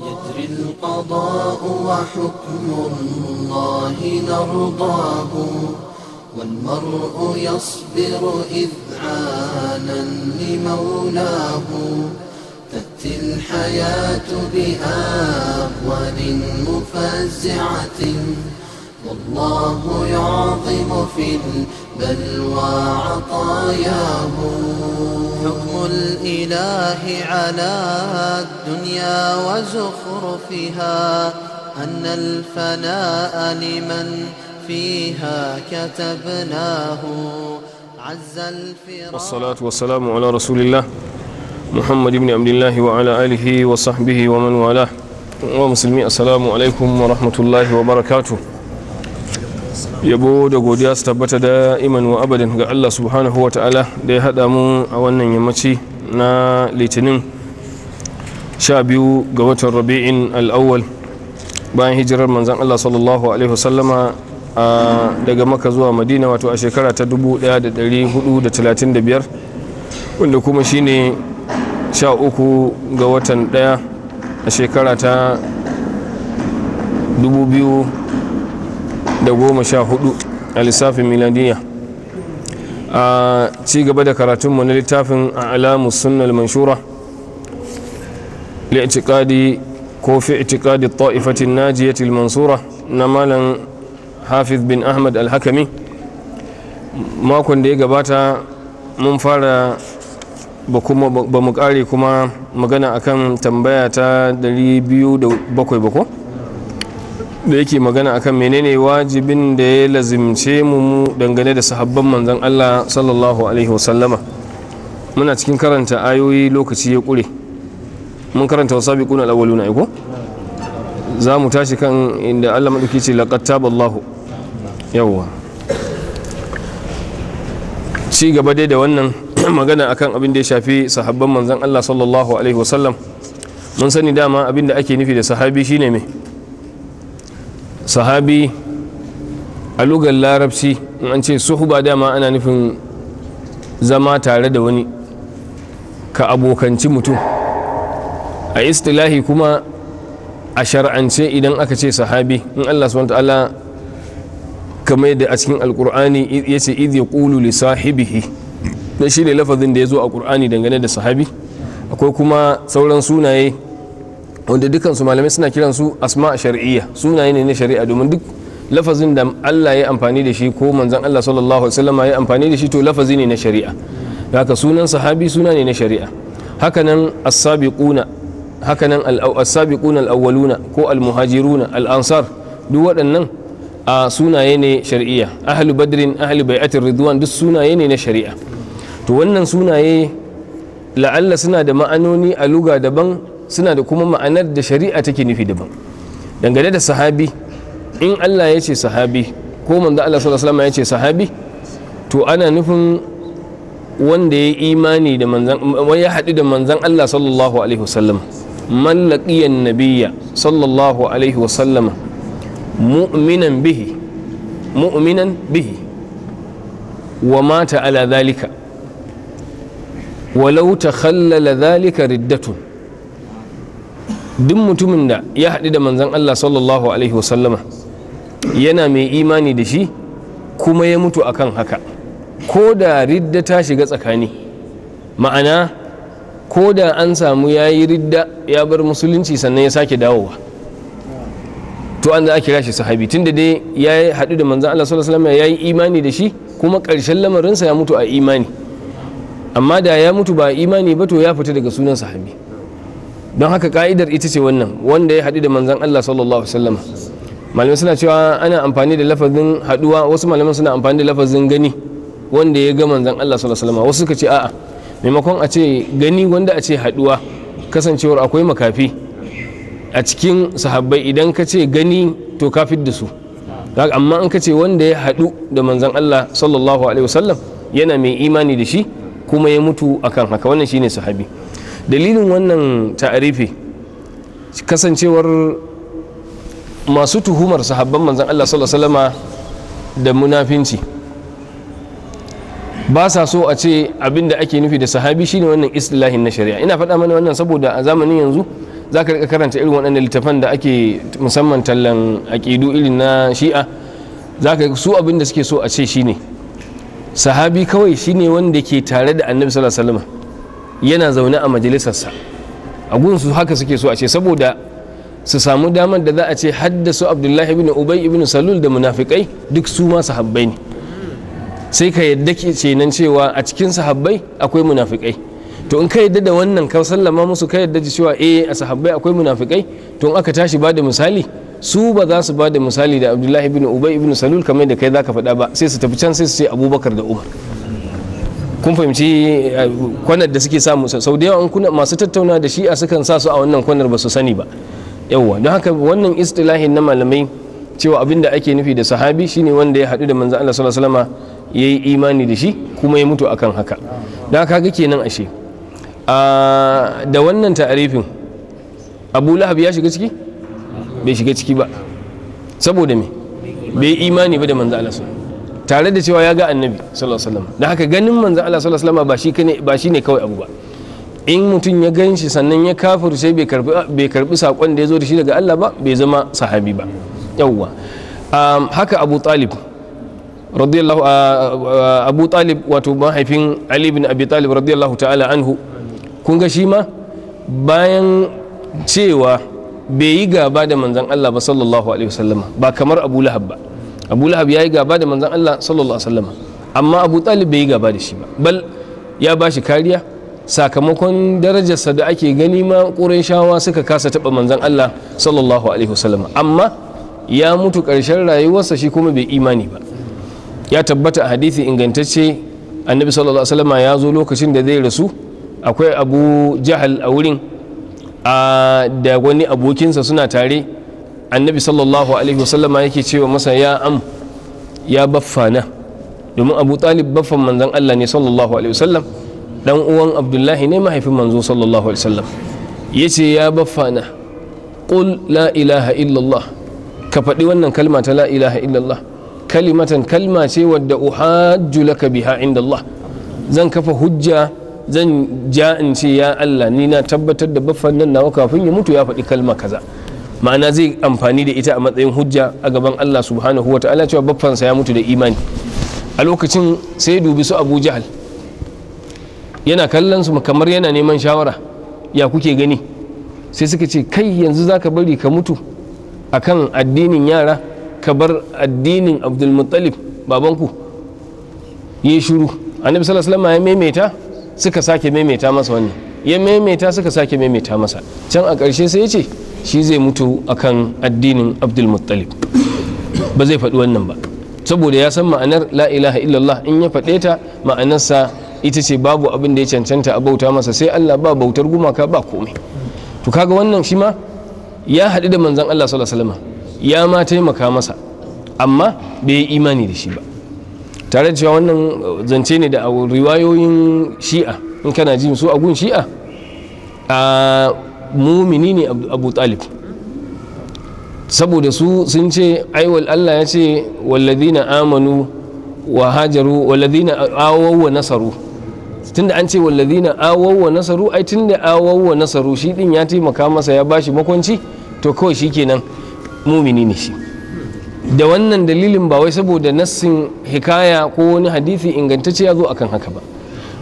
يجري القضاء وحكم الله نرضاه والمرء يصبر إذعانا لمولاه تأتي الحياة بأهون مفزعة والله يعظم في البلوى عطاياه حكم الإله على الدنيا وزخرفها أن الفناء لمن فيها كتبناه عز الفراق والصلاة والسلام على رسول الله محمد بن عبد الله وعلى آله وصحبه ومن والاه ومسلمي السلام عليكم ورحمة الله وبركاته yabo da godiya su tabbata da iman wa abadin ga Allah subhanahu wa ta'ala da ya haɗa mu a wannan yammaci na litinin sha biyu ga watan rabi'in al'awwal bayan hijirar manzan Allah sallallahu alaihi wasallama daga maka zuwa madina wato a shekara ta 1435 wanda kuma shine sha uku ga watan daya a shekara ta 2000 da goma sha hudu a lissafin miladiyya a ci gaba da karatunmu na littafin a alamu sunnal manshura li'tiqadi ko fi i'tiqadi ta'ifatin najiyatil mansura na malam hafiz bin ahmad al-hakami makon da ya gabata mun fara ba kuma ba mu kare kuma magana akan tambaya ta 207 bako da yake magana akan menene wajibin da ya lazimce mu dangane da sahabban manzon Allah sallallahu alaihi wasallama muna cikin karanta ayoyi lokaci ya kure mun karanta wasabi kuna na iko za mu tashi kan inda Allah maɗauki ce laqad taballahu yawwa ci gaba dai da wannan magana akan abin da ya shafi sahabban manzon Allah sallallahu alaihi wasallam mun sani dama abin da ake nufi da sahabi shine mai. sahabi a lugar larabci an ce suhuba dama ana nufin zama tare da wani ka abokanci mutum a istilahi kuma a shar'ance idan aka ce sahabi in allah ala ta'ala kamar yadda a cikin alkur'ani ya ce izi kulu li sahibihi shi shirya lafazin da ya zo a kur'ani dangane da sahabi akwai kuma sauran sunaye wanda dukansu malamai suna kiransu asma shar'iyya sunaye ne na shari'a domin duk lafazin da Allah ya amfani da shi ko manzon Allah sallallahu alaihi wasallam ya amfani da shi to lafazi ne na shari'a haka sunan sahabi suna ne na shari'a hakanan as-sabiquna hakanan as-sabiquna al-awwaluna ko al-muhajiruna al-ansar duk waɗannan a sunaye ne shari'a ahlu badrin ahlu bai'atir ridwan duk sunaye ne na shari'a to wannan sunaye la'alla suna da ma'anoni a luga daban suna da kuma ma'anar da shari'a take nufi daban dangane da sahabi in Allah ya ce sahabi ko manzo Allah sallallahu alaihi ya ce sahabi to ana nufin wanda ya imani da manzan wani ya haɗu da manzan Allah sallallahu alaihi wasallam mallaqiyan nabiyya sallallahu alaihi wasallam mu'minan bihi mu'minan bihi wa mata ala dhalika walau takhallala dhalika riddatun duk mutumin da ya haɗu da manzan Allah sallallahu alaihi wasallama yana mai imani da shi kuma ya mutu akan haka ko da ridda ta shiga tsakani ma'ana ko da an samu ya yi ridda ya bar musulunci sannan ya sake dawowa to an da ake kira shi sahabi tunda dai ya haɗu da manzan Allah sallallahu alaihi wasallama ya yi imani da shi kuma ƙarshen lamarinsa ya mutu a imani amma da ya mutu ba imani ba to ya fita daga sunan sahabi don haka ka'idar ita ce wannan wanda ya haɗu da manzan Allah sallallahu alaihi wasallam malamai suna cewa ana amfani da lafazin haɗuwa wasu malamai suna amfani da lafazin gani wanda ya ga manzan Allah sallallahu alaihi wasallam wasu suka ce a'a maimakon a ce gani wanda a ce haɗuwa kasancewar akwai makafi a cikin sahabbai idan ka ce gani to kafir da su amma an ka ce wanda ya haɗu da manzan Allah sallallahu alaihi wasallam yana mai imani da shi kuma ya mutu akan haka wannan shine sahabi dalilin wannan ta'arifi kasancewar masu tuhumar sahabban manzan Allah sallallahu da munafinci ba sa so a ce abinda da ake nufi da sahabi shine wannan istilahin na shari'a ina faɗa mana wannan saboda a zamanin yanzu za ka rika karanta irin waɗannan littafan da ake musamman tallan aƙidu irin na shi'a za ka su abinda suke so a ce shine sahabi kawai shine wanda ke tare da annabi sallallahu alaihi yana zaune a majalisarsa a su haka suke so a ce saboda su samu damar da za a ce haddasu abdullahi ibn ubay ibn salul da munafikai duk su ma sahabbai ne sai ka yadda ke nan cewa a cikin sahabbai akwai munafikai to in ka yadda da wannan ka sallama musu ka yadda cewa eh a sahabbai akwai munafikai to in aka tashi ba da misali su ba za su ba da misali da abdullahi ibn ubay ibn salul kamar da kai za ka faɗa ba sai su tafi can sai su ce abubakar da umar kun fahimci eh, kwanar da suke samu sau da yawan kuna masu tattauna da shi'a sukan sa su a wannan kwanar ba su sani ba yawwa don haka wannan istilahin na malamai cewa abin da ake nufi da sahabi shine wanda ya haɗu da manzo Allah sallallahu alaihi wasallam yi imani da shi kuma ya mutu akan haka don haka ga kenan ashe ah, da wannan ta'arifin Abu Lahab ya shiga ciki bai shiga ciki ba saboda me bai imani ba da manzo Allah tare da cewa ya ga annabi sallallahu alaihi wasallam haka ganin manzo Allah sallallahu alaihi wasallam ba shi ne shine kawai abu ba in mutum ya gan shi sannan ya kafiru sai bai karbi bai karbi sakon da ya zo da shi daga Allah ba bai zama sahabi ba yawwa haka Abu Talib radiyallahu Abu Talib wato mahaifin Ali ibn Abi Talib radiyallahu ta'ala anhu kun ga shi ma bayan cewa bai yi gaba da manzon Allah ba sallallahu alaihi wasallam ba kamar Abu Lahab ba abu lahab ya yi gaba da manzan allah sallallahu alaihi amma abu talib bai yi gaba da shi ba bal ya ba shi kariya sakamakon darajarsa da ake gani ma shawa suka kasa taɓa manzan allah sallallahu alaihi wasallam amma ya mutu ƙarshen rayuwarsa shi kuma bai imani ba ya tabbata a hadithi ingantacce annabi sallallahu alaihi wasallam ya zo lokacin da zai rasu akwai abu jahal a wurin da wani abokinsa suna tare annabi sallallahu alaihi wasallama yake cewa masa ya am ya baffana domin abu talib baffan manzon allah ne sallallahu alaihi wasallam dan uwan abdullahi ne mahaifin manzo sallallahu alaihi wasallam ya ce ya baffana qul la ilaha illallah ka faɗi wannan kalma ta la ilaha illallah kalimatan kalma ce wadda uhajju laka biha inda Allah zan kafa hujja zan ja in ce ya Allah ni na tabbatar da baffan nan nawa kafin ya mutu ya faɗi kalma kaza ma'ana zai amfani da ita a matsayin hujja a gaban Allah subhanahu wa ta'ala cewa baffansa ya mutu da imani a lokacin sai dubi su Abu Jahal yana kallon su kamar yana neman shawara ya kuke gani sai suka ce kai yanzu zaka bari ka mutu kan addinin yara ka bar addinin Abdul babanku ya shuru annabi sallallahu alaihi ya maimaita suka sake maimaita masa wannan ya maimaita suka sake maimaita masa can a ƙarshe sai ya ce shi zai mutu akan addinin abdulmuttalib ba zai faɗi wannan ba saboda ya san ma'anar la ilaha illallah in ya faɗe ta ma'anarsa ita ce babu abin da ya cancanta a bauta masa sai Allah ba bautar gumaka ba komai to kaga wannan shi ma ya haɗu da manzan Allah sallallahu ya ma taimaka masa amma bai yi imani da shi ba tare da cewa wannan uh, zance ne da a riwayoyin shi'a in kana jin su a gun shi'a uh, mumini ne abu talib saboda su sun ce aiwal allah ya ce walladina amanu wa hajaru awaw wa nasaru tunda an ce awaw wa nasaru ai tunda awaw wa nasaru shi din ya taimaka masa ya bashi makwanci to kawai shikenan mumini ne shi da wannan dalilin ba wai saboda nassin hikaya ko wani hadisi ingantacce ya zo akan haka ba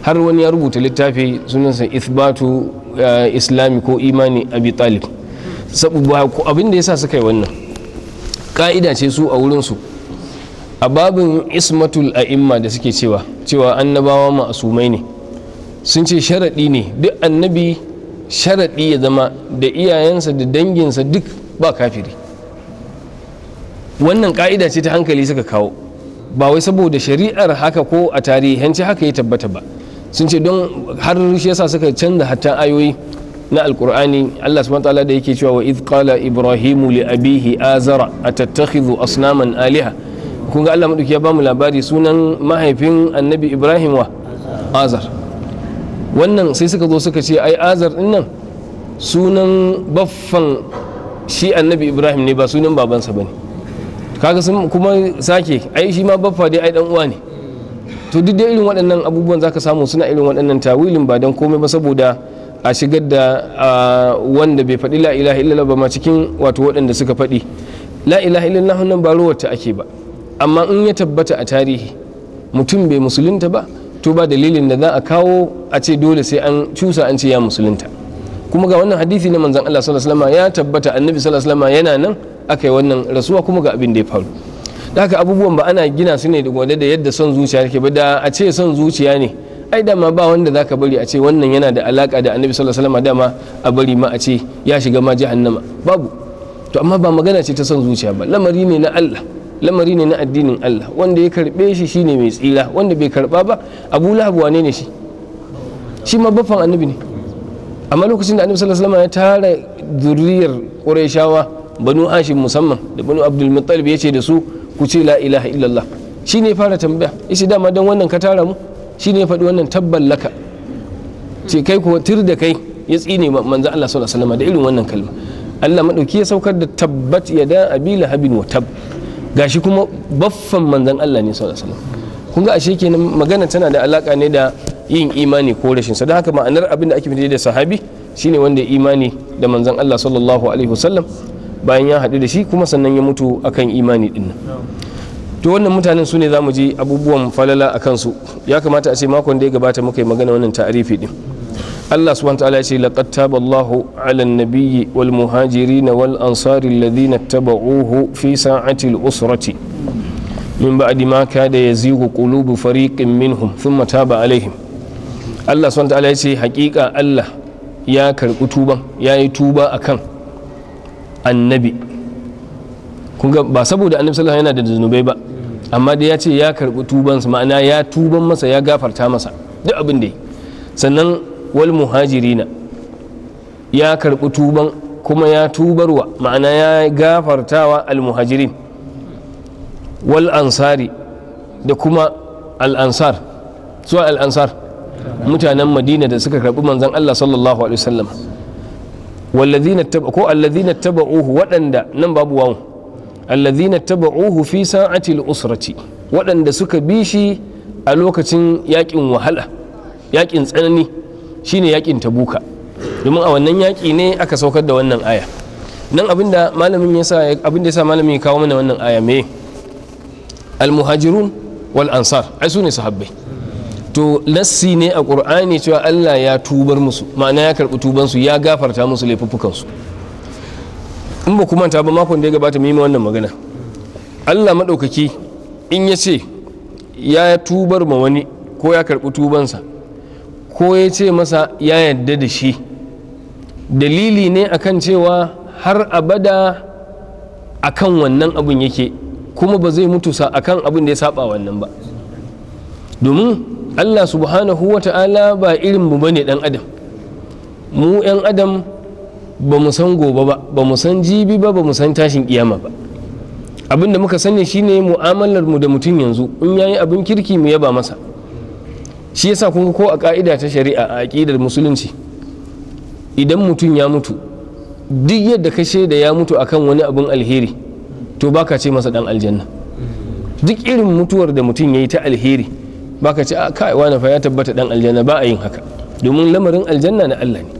har wani ya rubuta littafi sunansa isbatu Eh, islami ko imani abi talib abin da yasa suka yi wannan ka'ida ce su a wurinsu a babin ismatul a'imma da suke cewa cewa annabawa ma'asumai ne sun ce sharaɗi ne duk annabi sharaɗi ya zama da iyayensa da danginsa duk ba kafiri wannan ka'ida ce ta hankali suka kawo ba wai saboda shari'ar haka ko a tarihanci haka ya tabbata ba sun ce don har shi yasa suka canza hatta ayoyi na alkur'ani Allah subhanahu wataala da yake cewa wa idh qala ibrahimu li abihi azara atattakhidhu asnaman aliha kun ga Allah madauki ya bamu labari sunan mahaifin annabi ibrahim wa azar wannan sai suka zo suka ce ai azar din nan sunan baffan shi annabi ibrahim ne ba sunan babansa bane kaga sun kuma sake ai shi ma baffa dai ai dan uwa ne to duk da irin waɗannan abubuwan zaka samu suna irin waɗannan tawilin ba don komai ba saboda a shigar da wanda bai faɗi la ilaha illallah ba ma cikin wato waɗanda suka faɗi la ilaha illallah nan ba ruwarta ake ba amma in ya tabbata a tarihi mutum bai musulunta ba to ba dalilin da za a kawo a ce dole sai an cusa an ce ya musulunta kuma ga wannan hadisi na manzan Allah sallallahu alaihi wasallam ya tabbata annabi sallallahu alaihi wasallam yana nan aka yi wannan rasuwa kuma ga abin da ya faru daka abubuwan ba ana gina su ne da da yadda son zuciya ke ba da a ce son zuciya ne ai dama ba wanda za ka bari a ce wannan yana da alaka da annabi sallallahu alaihi wasallam dama a bari ma a ce ya shiga ma jahannama babu to amma ba magana ce ta son zuciya ba lamari ne na Allah lamari ne na addinin Allah wanda ya karbe shi shine mai tsira wanda bai karba ba Abu Lahab wane ne shi shi ma baffan annabi ne amma lokacin da annabi sallallahu alaihi wasallam ya tara zuriyar Qurayshawa banu Hashim musamman da banu Abdul Muttalib ce da su ku ce la ilaha illallah shi ne fara tambaya ishi dama don wannan ka tara mu shi ne faɗi wannan laka. ce kai kuwa tir da kai ya tsine manzo Allah sallallahu alaihi da irin wannan kalma Allah madauki ya saukar da tabbat yada abila Habin wa tab gashi kuma baffan manzon Allah ne sallallahu alaihi wasallam kun ga ashe kenan magana tana da alaka ne da yin imani ko rashin sa haka ma'anar abin da ake fitar da sahabi shine wanda imani da manzon Allah sallallahu alaihi wasallam bayan ya haɗu da shi kuma sannan ya mutu akan imani din to wannan mutanen su ne za mu ji abubuwan falala a kansu ya kamata a ce makon da ya gabata muka yi magana wannan ta'arifi din Allah subhanahu ta'ala ya ce laqad taba Allahu 'ala an-nabiyyi wal muhajirin wal ansari alladhina tabauhu fi sa'ati al-usrati min ba'di ma kada yazighu qulubu fariqin minhum thumma taba 'alaihim Allah subhanahu ta'ala ya ce haƙiƙa Allah ya karɓi tuban ya yi tuba akan annabi kunga ba saboda annabi sallallahu alaihi yana da zunubai ba amma dai ya ce ya karbi tubansa ma'ana ya tuban masa ya gafarta masa duk abin da sannan wal muhajirina ya karbi tuban kuma ya tubarwa ma'ana ya gafartawa al muhajirin wal ansari da kuma al ansar su al ansar mutanen madina da suka karbi manzon Allah sallallahu alaihi wasallam ko allazina taba'uhu waɗanda nan babu wawu allazina taba'uhu fi sa'atil usrati waɗanda suka bi shi a lokacin yakin wahala yakin tsanani shine yakin tabuka domin a wannan yaki ne aka saukar da wannan aya nan abinda malamin ya sa abinda ya sa malamin ya kawo mana wannan aya me al muhajirun wal ansar ai su ne sahabbai to lassi ne a ƙur'ani cewa Allah ya tubar musu ma'ana ya karɓi tubansu ya gafarta musu laifuffukansu in ba kuma ta ba makon da ya gabata mu yi wannan magana Allah maɗaukaki in ya ce ya tubar ma wani ko ya karɓi tubansa ko ya ce masa ya yadda da shi dalili ne akan cewa har abada akan wannan abun yake kuma ba zai mutu akan abin da ya saba wannan ba domin Allah subhanahu wa ta'ala ba irin mu bane dan adam mu yan adam ba mu san gobe ba ba mu san jibi ba ba mu san tashin kiyama ba abin da muka sani shine mu'amalar mu da mutum yanzu in yayi abin kirki mu yaba masa shi yasa kun ko a ka'ida ta shari'a a aqidar musulunci idan mutum ya mutu duk yadda ka da ya mutu akan wani abin alheri to baka ce masa dan aljanna duk irin mutuwar da mutum yayi ta alheri baka ce a ah, kai wani fa ya tabbata dan aljanna ba a yin haka domin lamarin aljanna na Allah ne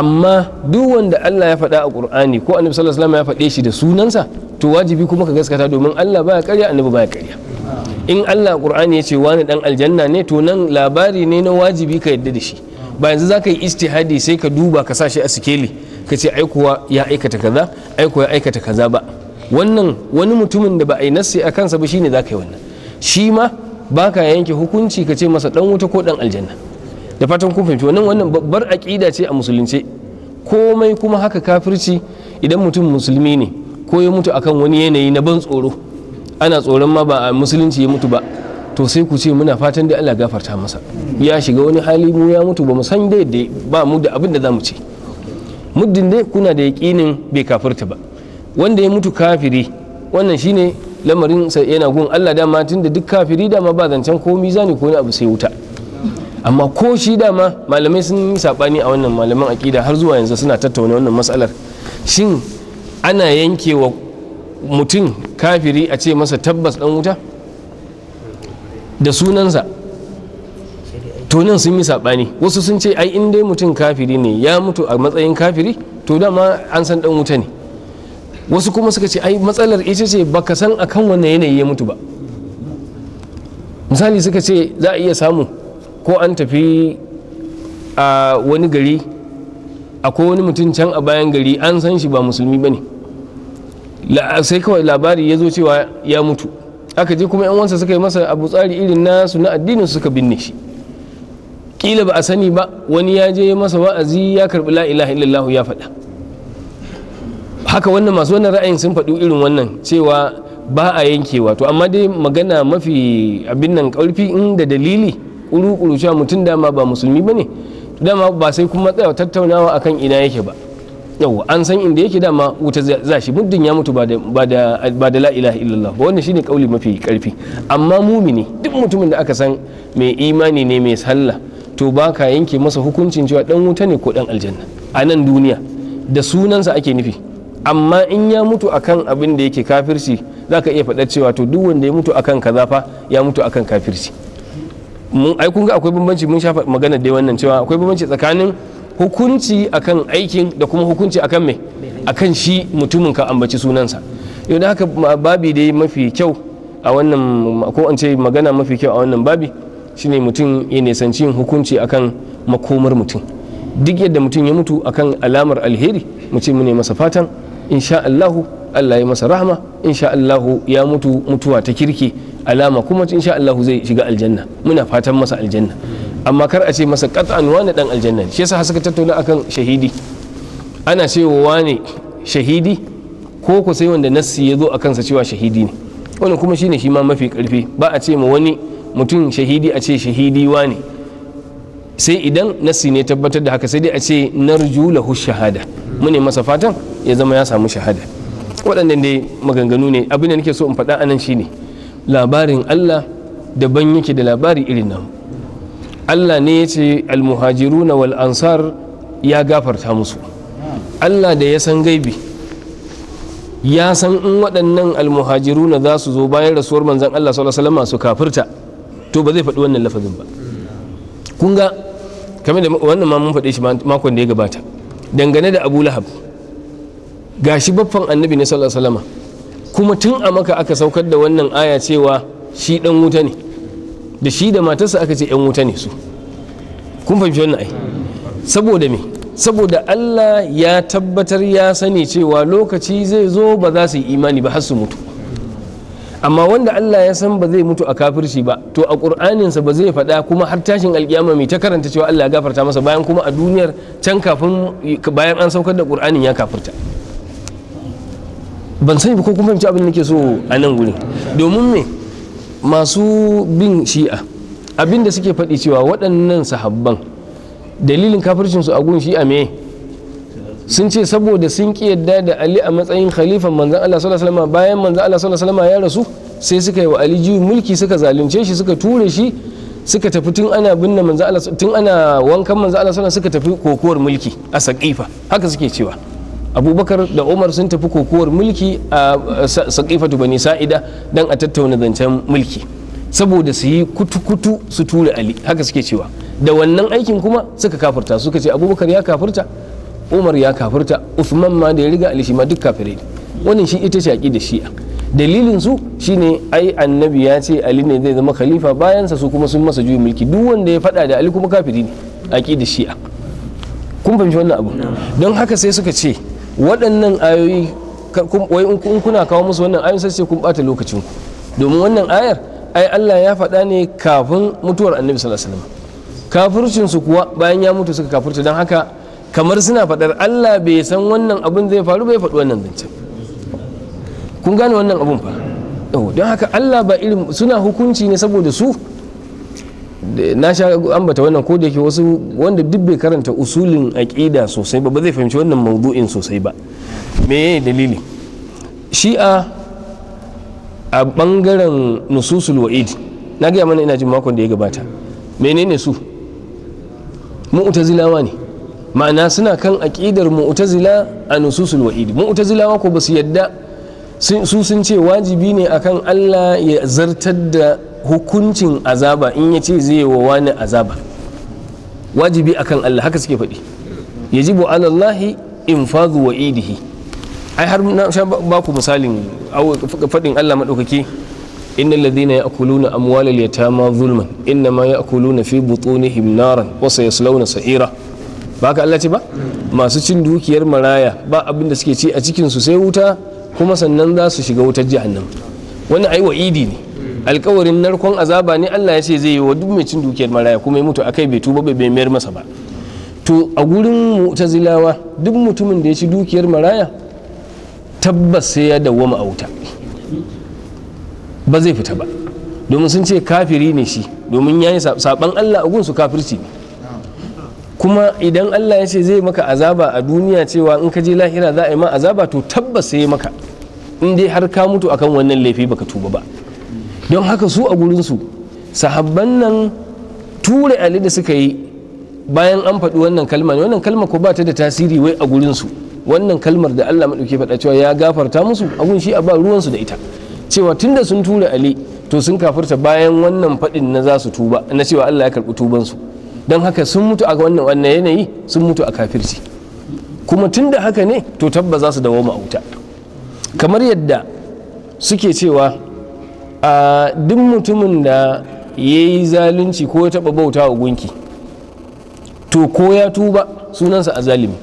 amma duk wanda Allah ya faɗa a Qur'ani ko Annabi sallallahu alaihi wasallam ya faɗe shi da sunansa to wajibi kuma ka gaskata domin Allah baya ƙarya Annabi baya ƙarya in Allah a Qur'ani ya ce wani dan aljanna ne to nan labari ne na wajibi ka yadda da shi ba yanzu za ka yi istihadi sai ka duba ka sashi a sikeli ka ce aikuwa ya aikata kaza aikuwa ya aikata kaza ba wannan wani mutumin da ba a yi nassi a kansa ba shine za ka yi wannan shi ma ba ka yanke hukunci ka ce masa dan wuta ko dan aljanna da fatan kun fahimci wannan wannan babbar aƙida ce a musulunce komai kuma haka kafirci idan mutum musulmi ne ko ya mutu akan wani yanayi na ban tsoro ana tsoron ma ba a musulunci ya mutu ba to sai ku ce muna fatan da Allah gafarta masa ya shiga wani hali mu ya mutu ba mu san da ba mu da abin da zamu mu ce muddin dai kuna da yaƙinin bai kafirta ba wanda ya mutu kafiri wannan shine lamarin sa yana gun Allah dama tun da duk kafiri dama ba zancen ko mizani ko wani abu sai wuta amma ko shi dama malamai sun yi sabani a wannan malaman akida har zuwa yanzu suna tattauna wannan matsalar shin ana yanke wa mutum kafiri a ce masa tabbas dan wuta da sunansa to nan sun yi sabani wasu sun ce ai in dai mutum kafiri ne ya mutu a matsayin kafiri to dama an san dan wuta ne wasu kuma suka ce ai matsalar ita ce ka san akan wannan yanayi ya mutu ba misali suka ce za a iya samu ko an tafi a wani gari akwai wani mutum can a bayan gari an san shi ba musulmi ba ne sai kawai labari ya zo cewa ya mutu aka je kuma 'yan wansa suka yi masa abu tsari irin nasu na addinin suka binne shi kila ba a sani ba wani ya je masa wa'azi ya karbi la'ilaha ilaha illallah ya faɗa haka wannan masu wannan ra'ayin sun faɗi irin wannan cewa ba a yankewa to amma dai magana mafi abin nan ƙarfi da dalili ƙuru-ƙuru cewa mutum dama ba musulmi ba ne dama ba sai kuma tsaya tattaunawa akan ina yake ba yau an san inda yake dama wuta za shi muddin ya mutu ba da la'ilaha illallah ba wannan shine kauli mafi ƙarfi amma mumini duk mutumin da aka san mai imani ne mai sallah to ba ka yanke masa hukuncin cewa dan wuta ne ko dan aljanna a nan duniya da sunansa ake nufi amma in ya mutu akan abin da yake kafirci za ka iya faɗa cewa to duk wanda ya mutu akan kaza fa ya mutu akan kafirci mun ai kun ga akwai bambanci mun shafa magana dai wannan cewa akwai bambanci tsakanin hukunci akan aikin da kuma hukunci akan me akan shi mutumin ka ambaci sunansa yau da haka babi dai mafi kyau a wannan ko an ce magana mafi kyau a wannan babi shine mutum ya nisanci yin hukunci akan makomar mutum duk yadda mutum ya mutu akan alamar alheri mu ce mu ne masa fatan sha Allahu Allah ya masa rahma sha Allahu ya mutu mutuwa ta kirki alama kuma sha Allahu zai shiga aljanna muna fatan masa aljanna amma kar a ce masa qat'an wani dan aljanna shi yasa suka tattauna akan shahidi ana cewa wani shahidi ko ku sai wanda nassi ya zo akan sa cewa shahidi ne wannan kuma shine shi ma mafi karfi ba a ce ma wani mutum shahidi a ce shahidi wani sai idan nassi ne tabbatar da haka sai dai a ce narju lahu shahada mune masa fatan ya zama ya samu shahada waɗannan dai maganganu ne abin da nake so in faɗa anan shine labarin Allah daban yake da labari irin nan Allah ne ya ce almuhajiruna wal ansar ya gafarta musu Allah da ya san gaibi ya san in waɗannan almuhajiruna za su zo bayan rasuwar manzan Allah sallallahu alaihi wasallam su kafirta to ba zai faɗi wannan lafazin ba kun ga kamar da wannan ma mun faɗe shi makon da ya gabata dangane da abu lahab ga shi baffan annabi na sallallahu kuma tun a maka aka saukar da wannan aya cewa shi dan wuta ne da shi da matarsa aka ce yan wuta ne su kun fahimci wannan ai saboda me saboda Allah ya tabbatar ya sani cewa lokaci zai zo ba za su yi imani ba har su mutu amma wanda Allah ya san ba zai mutu a kafirci ba to a ƙur'aninsa ba zai faɗa kuma har tashin alƙiyama mai ta karanta cewa Allah ya gafarta masa bayan kuma a duniyar can kafin bayan an saukar da ƙur'anin ya kafirta ban sani ba ko kuma fahimci abin da nake so a nan gurin domin me masu bin shi'a abinda suke faɗi cewa waɗannan sahabban dalilin kafircinsu a gun shi'a me sun ce saboda sun ki yadda da ali a matsayin khalifan manzan allah sallallahu alaihi bayan manzan allah sallallahu alaihi ya rasu sai suka yi wa ali jiyu mulki suka zalunce shi suka ture shi suka tafi tun ana binne manzan allah tun ana wankan manzan allah sallallahu suka tafi kokowar mulki a saqifa haka suke cewa abubakar da umar sun tafi kokowar mulki a saqifa bani sa'ida dan a tattauna zancen mulki saboda su yi kutu-kutu su ture ali haka suke cewa da wannan aikin kuma suka kafurta suka ce abubakar ya kafurta umar ya kafirta usman ma da ya riga ali ma duk kafirai wannan shi ita ce da shi'a dalilin su shine ai annabi ya ce ali ne zai zama khalifa bayansa su kuma sun masa juyin mulki duk wanda ya fada da ali kuma kafiri ne aqidar shi'a kun fahimci wannan abu don haka sai suka ce waɗannan ayoyi wai in kuna kawo musu wannan ayoyi sai kun bata lokacin ku domin wannan ayar ai Allah ya faɗa ne kafin mutuwar annabi sallallahu alaihi wasallam kafircin su kuwa bayan ya mutu suka kafirta don haka kamar suna faɗar Allah bai san wannan abun zai faru bai faɗi wannan zancen kun gane wannan abun fa don haka Allah ba irin suna hukunci ne saboda su na sha ambata wannan ko da yake wasu wanda duk bai karanta usulin aƙida sosai ba ba zai fahimci wannan mawdu'in sosai ba me dalili shi'a a bangaren nususul wa'id na gaya mana ina jin makon da ya gabata menene su mu'tazilawa ne ma'ana suna kan aƙidar mu'tazila a nususul wa'idi mu'tazilawa ko ba basu yadda su sun ce wajibi ne akan Allah ya zartar da hukuncin azaba in ya ce zai wa wani azaba wajibi akan Allah haka suke faɗi yajibu alallahi infadhu wa'idihi ai har na sha ba ku misalin faɗin Allah maɗaukaki إن الذين يأكلون أموال اليتامى ظلما إنما يأكلون في بطونهم نارا وسيصلون سعيرا ba ka Allah ce ba masu cin dukiyar maraya ba abin da suke ci a cikinsu sai wuta kuma sannan za su shiga wutar jahannam wani ai wa'idi ne alkawarin narkon azaba ne Allah ya ce zai yi wa duk mai cin dukiyar maraya kuma ya mutu akai bai tuba bai mayar masa ba to a gurin mu'tazilawa duk mutumin da ya ci dukiyar maraya tabbas sai ya dawwama a wuta ba zai fita ba domin sun ce kafiri ne shi domin ya yi saban Allah a gunsu kafirci ne kuma idan Allah ya ce zai maka azaba a duniya cewa in ka je lahira za a yi ma azaba to tabbas sai maka in dai har ka mutu akan wannan laifi baka tuba ba don haka su a gurin su sahabban nan ture ali da suka yi bayan an faɗi wannan kalma ne wannan kalma ko ba ta da tasiri wai a gurin su wannan kalmar da Allah madauke faɗa cewa ya gafarta musu abun shi a ba ruwan su da ita cewa tunda sun ture ali to sun kafirta bayan wannan faɗin na za su tuba na cewa Allah ya karɓi tuban su don haka sun mutu a wannan wannan yanayi sun mutu a kafirci kuma tun da haka ne to tabba za su dawo ma'auta kamar yadda suke cewa a duk mutumin da ya yi zalunci ko ya taɓa bauta wa gunki to ko ya tuba sunansa a zalimi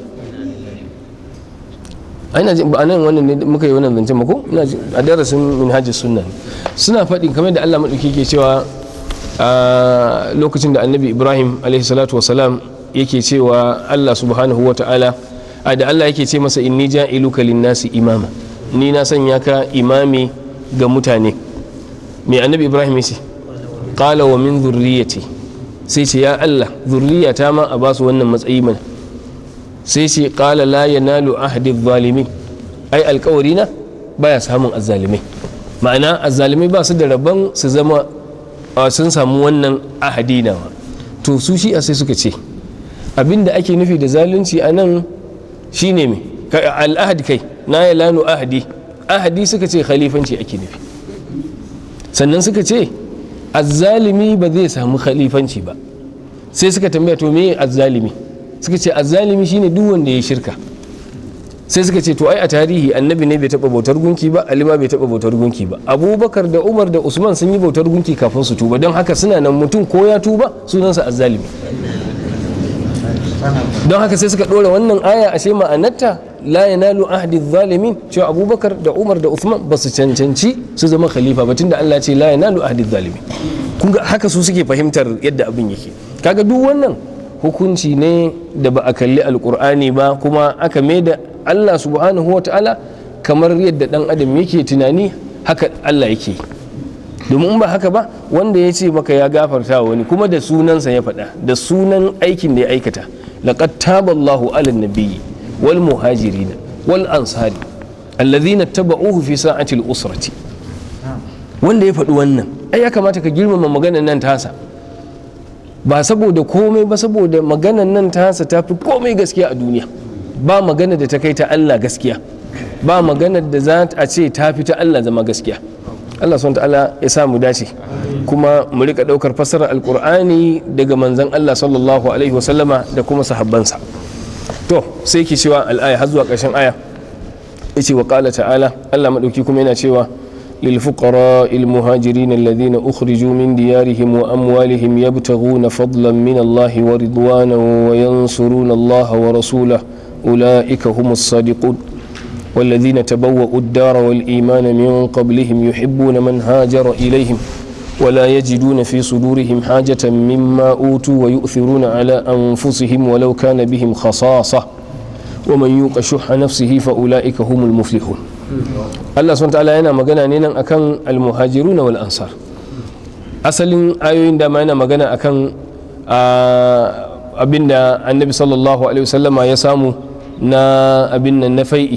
ina jin ba nan wannan ne muka yi wannan zancen mako Ko a darasin minhajis sunan suna faɗi kamar da Allah madauki ke cewa a lokacin da annabi ibrahim a.s. yake cewa allah subhanahu wa ta'ala da allah yake ce masa inni ja'iluka linnasi imama ni na sanya ka imami ga mutane mai annabi ibrahim yace qala wa min zurriyati sai ce ya allah zurriyata ma a basu wannan matsayi mana sai ce qala la yanalu ahdi zalimin ai alkawari na baya samun azzalimai ma'ana azzalimai ba su da rabon su zama sun samu wannan ahadi na to su shi a sai suka ce abinda ake nufi da zalunci a nan shine mai al'ahad kai na ya lanu ahadi ahadi suka ce khalifanci ake nufi sannan suka ce azzalimi ba zai samu khalifanci ba sai suka tambaya to me azzalimi suka ce azzalimi shine duk wanda ya shirka sai suka ce to ai a tarihi annabi ne bai taba bautar gunki ba ma bai taba bautar gunki ba abubakar da umar da usman sun yi bautar gunki kafin su tuba don haka suna nan mutum ko ya tuba sunansa azzalimi don haka sai suka dora wannan aya ashe ma'anarta la yanalu ahdi zalimin cewa abubakar da umar da usman ba su cancanci su zama khalifa ba tunda allah ce la yanalu ahdi zalimin kun ga haka su suke fahimtar yadda abin yake kaga duk wannan hukunci ne da ba a kalli alkur'ani ba kuma aka maida Allah subhanahu wa ta'ala kamar yadda dan adam yake tunani haka Allah yake domin ba haka ba wanda ya ce maka ya gafarta wani kuma da sunansa ya faɗa da sunan aikin da ya aikata laqad taballahu ala nabiyyi wal muhajirin wal ansari alladhina taba'uhu fi sa'ati usrati wanda ya faɗi wannan ai ya kamata ka girmama maganar nan tasa ba saboda komai ba saboda maganar nan tasa ta fi komai gaskiya a duniya ba magana da ta kai ta Allah gaskiya ba magana da za a ce ta fi ta Allah zama gaskiya Allah son ta'ala ya sa mu dace kuma mu rika daukar fassarar alkur'ani daga manzon Allah sallallahu alaihi wasallama da kuma sahabbansa to sai ke cewa al'aya har zuwa ƙarshen aya yace wa qala ta'ala Allah madauki kuma yana cewa lil fuqara al muhajirin alladhina ukhriju min diyarihim wa amwalihim yabtaghuna fadlan min Allah wa ridwana wa yansuruna Allah wa rasulahu أولئك هم الصادقون والذين تبوأوا الدار والإيمان من قبلهم يحبون من هاجر إليهم ولا يجدون في صدورهم حاجة مما أوتوا ويؤثرون على أنفسهم ولو كان بهم خصاصة ومن يوق شح نفسه فأولئك هم المفلحون Allah subhanahu ta'ala yana magana ne nan akan almuhajiruna wal ansar asalin ayoyin da ma yana magana akan abinda annabi sallallahu alaihi wasallama ya samu na abin nan na fai'i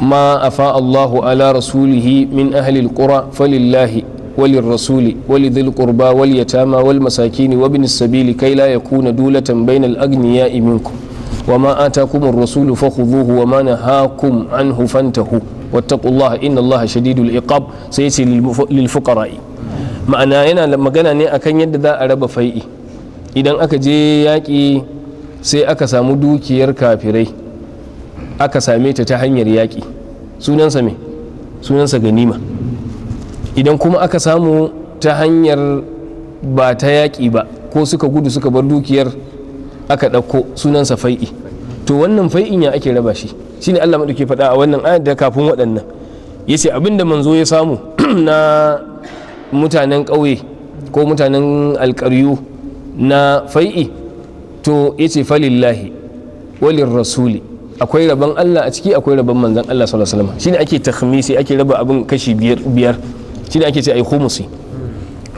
ma a fa’allahu ala rasulihi min ahalil ƙura falillahi walin rasuli wali zil ƙurba wal yatama wal masakini wa bin sabili kai la ya kuna dulatan bainal agniya iminku wa ma ata kuma rasulu fa huzuhu wa mana hakum an hufantahu wattaqullaha inna allaha shadidul iqab sai ce lil fuqara'i ma'ana yana magana ne akan yadda za a raba fai'i idan aka je yaƙi sai aka samu dukiyar kafirai aka same ta ta hanyar yaƙi sunansa mai sunansa ganima idan kuma aka samu ta hanyar ba ta yaƙi ba ko suka gudu suka bar dukiyar aka ɗauko sunansa fai'i to wannan fai'in ya ake raba shi shine Allah maɗauke faɗa a wannan ayar da kafin waɗannan ya ce da manzo ya samu na mutanen ƙauye ko mutanen alƙaryu na fai'i to yace falillahi walir rasuli akwai rabon Allah a ciki akwai rabon manzon Allah sallallahu alaihi wasallam shine ake takhmisi ake raba abin kashi biyar biyar shine ake ce ai khumusi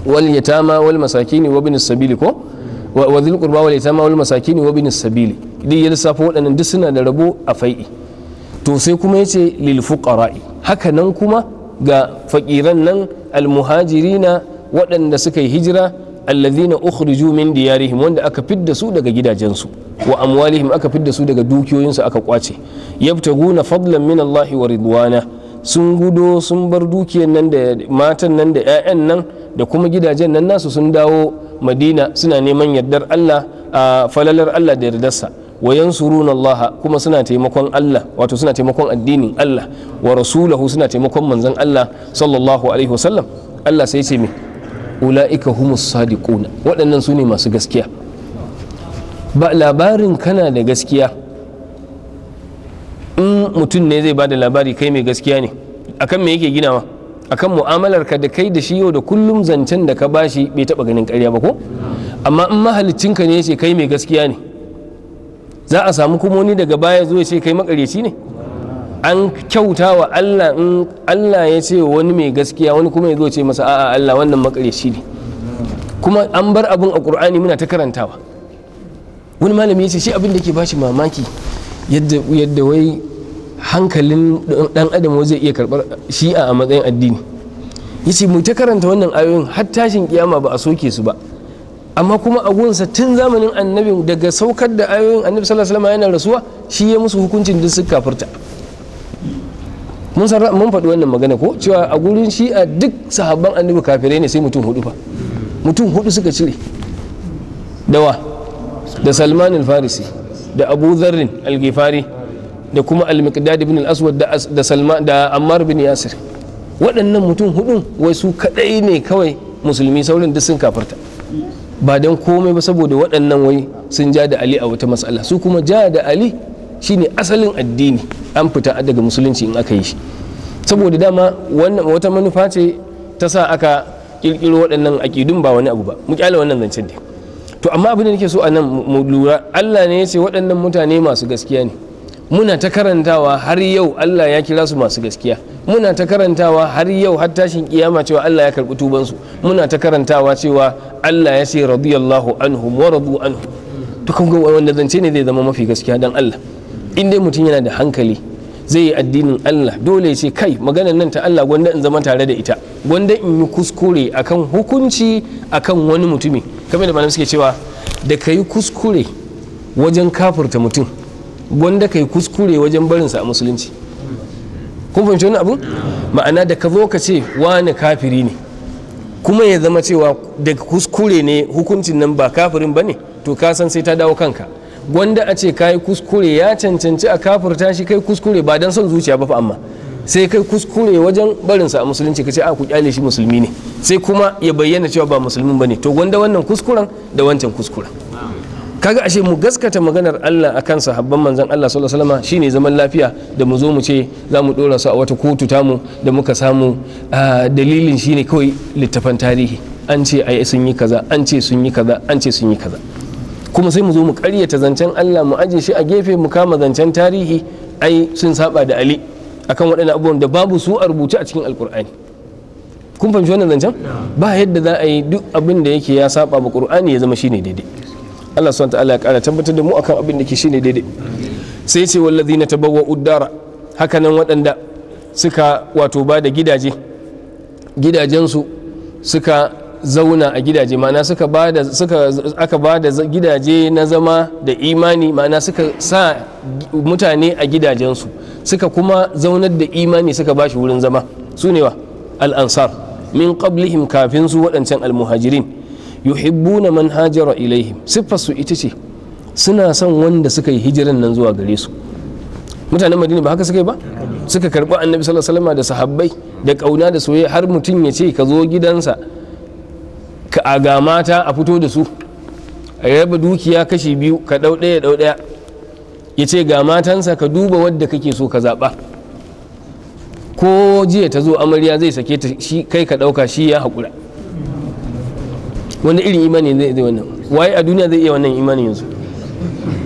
wal yatama wal masakini wa bin sabili ko wa dhil qurba wal yatama wal masakini wa bin sabili duk ya lissafo waɗannan duk suna da rabo a fai'i to sai kuma yace lil fuqara'i haka nan kuma ga fakiran nan al muhajirina waɗanda suka yi hijira allazina ukhriju min diyarihim wanda aka fidda su daga gidajensu wa amwalihim aka fidda su daga dukiyoyinsu aka kwace yabtaguna fadlan min Allahi wa ridwana sun gudo sun bar dukiyar nan da matan nan da 'ya'yan nan da kuma gidajen nan nasu sun dawo madina suna neman yardar Allah a falalar Allah da yardarsa wa yansuruna Allah kuma suna taimakon Allah wato suna taimakon addinin Allah wa rasulahu suna taimakon manzon Allah sallallahu alaihi wasallam Allah sai ce mai ula'ika humus sadiquna waɗannan su ne masu gaskiya ba labarin kana da gaskiya in mutum ne zai ba da labari kai mai gaskiya ne akan me yake ginawa akan mu'amalar ka da kai da shi yau da kullum zancen da ka bashi bai taba ganin karya ba ko amma in ka ne ya ce kai mai gaskiya ne za a samu kuma wani daga baya zuwa ce kai makaryaci ne an kyauta wa Allah in Allah ya ce wani mai gaskiya wani kuma ya zo ce masa a'a Allah wannan makareci ne kuma an bar abin a Qur'ani muna ta karantawa wani malami ya ce shi abin da ke bashi mamaki yadda yadda wai hankalin dan adam zai iya karbar shi a matsayin addini yace mu ta karanta wannan ayoyin har tashin kiyama ba a soke su ba amma kuma a gunsa tun zamanin annabi daga saukar da ayoyin annabi sallallahu alaihi wasallam yana rasuwa shi ya musu hukuncin duk suka kafirta mun san mun faɗi wannan magana ko cewa a gurin shi a duk sahabban annabi kafirai ne sai mutum hudu fa mutum hudu suka cire dawa da salman al-farisi da abu zarrin al gifari da kuma al-miqdad ibn al-aswad da salman da ammar bin yasir waɗannan mutum hudun wai su kadai ne kawai musulmi saurin duk sun kafarta ba dan komai ba saboda waɗannan wai sun ja da ali a wata matsala su kuma ja da ali Shi ne asalin addini an fita daga musulunci in aka yi shi saboda dama wannan wata manufa ce ta sa aka kirkiro waɗannan aƙidun ba wani abu ba mu kyale wannan zancen da to amma abin da nake so a nan mu lura Allah ne ya ce waɗannan mutane masu gaskiya ne muna ta karantawa har yau Allah ya kira su masu gaskiya muna ta karantawa har yau har tashin kiyama cewa Allah ya karɓi su muna ta karantawa cewa Allah ya ce radiyallahu anhum wa radu anhu to kun ga wanda zance ne zai zama mafi gaskiya dan Allah in dai mutum yana da hankali zai yi addinin Allah dole ya ce kai maganar nan ta Allah gwanda in zama tare da ita gwanda in yi kuskure akan hukunci akan wani mutumi kamar da malam suke cewa da ka yi kuskure wajen kafurta mutum gwanda ka yi kuskure wajen barinsa a musulunci kun fahimci wani abu ma'ana da ka zo ka ce wani kafiri ne kuma ya zama cewa da kuskure ne hukuncin nan ba kafirin ba ne to ka san sai ta dawo kanka gwanda a ce kayi kuskure ya cancanci a kafurta shi kai kuskure ba don son zuciya ba fa amma sai kai kuskure wajen barinsa a musulunci ka ce a ku kyale shi musulmi ne sai kuma ya bayyana cewa ba musulmin ba ne to gwanda wannan kuskuren da wancan kuskuren kaga ashe mu gaskata maganar Allah akan sahabban manzon Allah sallallahu alaihi wasallam shine zaman lafiya da mu zo mu ce za mu dora su a wata kotu tamu da muka samu dalilin shine kawai littafan tarihi an ce ai sun yi kaza an ce sun yi kaza an ce sun yi kaza kuma sai mu zo mu karyata zancen Allah mu aje shi a gefe mu kama zancen tarihi ai sun saba da Ali akan waɗannan abubuwan da babu su a rubuce a cikin alkur'ani kun fahimci wannan zancen ba yadda za a yi duk abin da yake ya saba ba qur'ani ya zama shine daidai Allah subhanahu ta'ala ya kara tabbatar da mu akan abin da ke shine daidai sai ce wallazina tabawwa uddara hakanan waɗanda suka wato ba da gidaje gidajensu suka zauna a gidaje ma'ana suka bada suka gidaje na zama da imani ma'ana suka sa mutane a gidajensu suka kuma zaunar da imani suka bashi wurin zama su ne wa al-ansar min qablihim kafin su waɗancan al-muhajirin yuhibbuna man him ilaihim siffarsu ita ce suna son wanda suka yi hijiran nan zuwa gare su mutanen madina ba haka suka yi ba suka karɓi annabi sallallahu alaihi da sahabbai da kauna da soyayya har mutum ya ce ka zo gidansa ka ga mata a fito da su a raba dukiya kashi biyu ka ɗau ɗaya ɗau ɗaya ya ce ga matansa ka duba wadda kake so ka zaɓa ko jiya ta zo amarya zai sake ta shi kai ka ɗauka shi ya haƙura wanda irin imani zai zai wannan waye a duniya zai iya wannan imani yanzu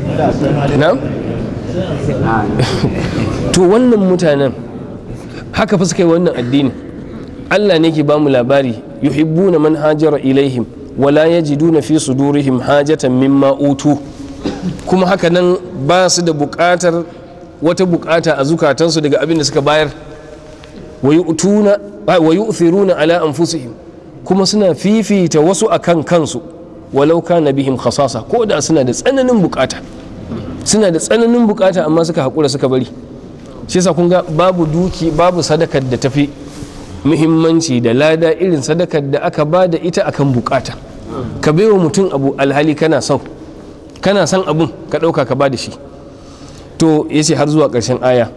to wannan mutanen haka fa suka yi wannan addini allah ne ke ba mu labari yuhibbuna man hajara ilaihim wala yajiduna fi sudurihim hajatan mimma utu kuma haka nan ba su da bukatar wata buƙata a zukatansu daga abin da suka bayar wa yu'thiruna ala anfusihim kuma suna fifita wasu akan kansu walau kana bihim khasasa ko da suna da tsananin bukata suna da tsananin bukata amma suka hakura suka bari shi yasa kun ga babu duki babu sadakar da tafi muhimmanci da lada irin sadakar da aka ba da ita akan bukata ka baiwa mutum abu alhali kana son kana son abun ka ɗauka ka ba da shi to ya ce har zuwa ƙarshen aya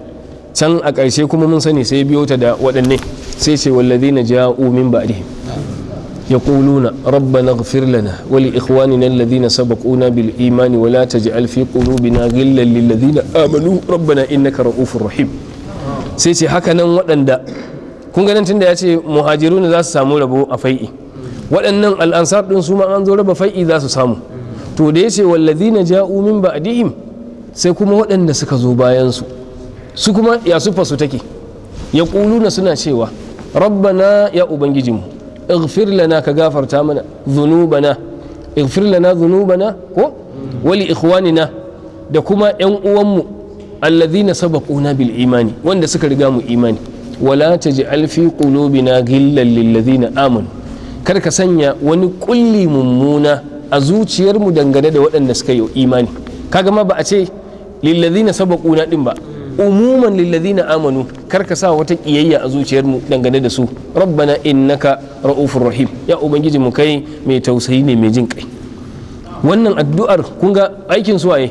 can a ƙarshe kuma mun sani sai biyo ta da waɗanne sai ce wallazi na ja'u min ba'dihim يقولون ربنا اغفر لنا ولإخواننا الذين سبقونا بالإيمان ولا تجعل في قلوبنا غلا للذين آمنوا ربنا rahim. sai ce haka هكذا waɗanda. kun ganin tunda ya ce muhajirun za su samu rabo a fai'i waɗannan al'ansar ɗin su ma an zo raba fai'i za su samu to da ya ce wallazina umin min ba'dihim sai kuma waɗanda suka zo bayan su su kuma ya sufa su take ya ƙuluna suna cewa rabbana ya ubangijinmu ighfir lana ka gafarta mana dhunubana ighfir lana dhunubana ko wali ikhwanina da kuma yan uwanmu allazina sabaquna bil imani wanda suka riga mu imani wala taj'al fi qulubina ghillan lil ladina amanu kar ka sanya wani kulli mummuna a zuciyarmu dangane da waɗanda suka yi imani kaga ma ba a ce lillazina kuna ɗin ba umuman na amanu kar ka sa wata ƙiyayya a zuciyarmu dangane da su rabbana innaka ra'ufin rahim ya ubangiji mu kai mai tausayi ne mai jin kai wannan addu'ar kun ga aikin su waye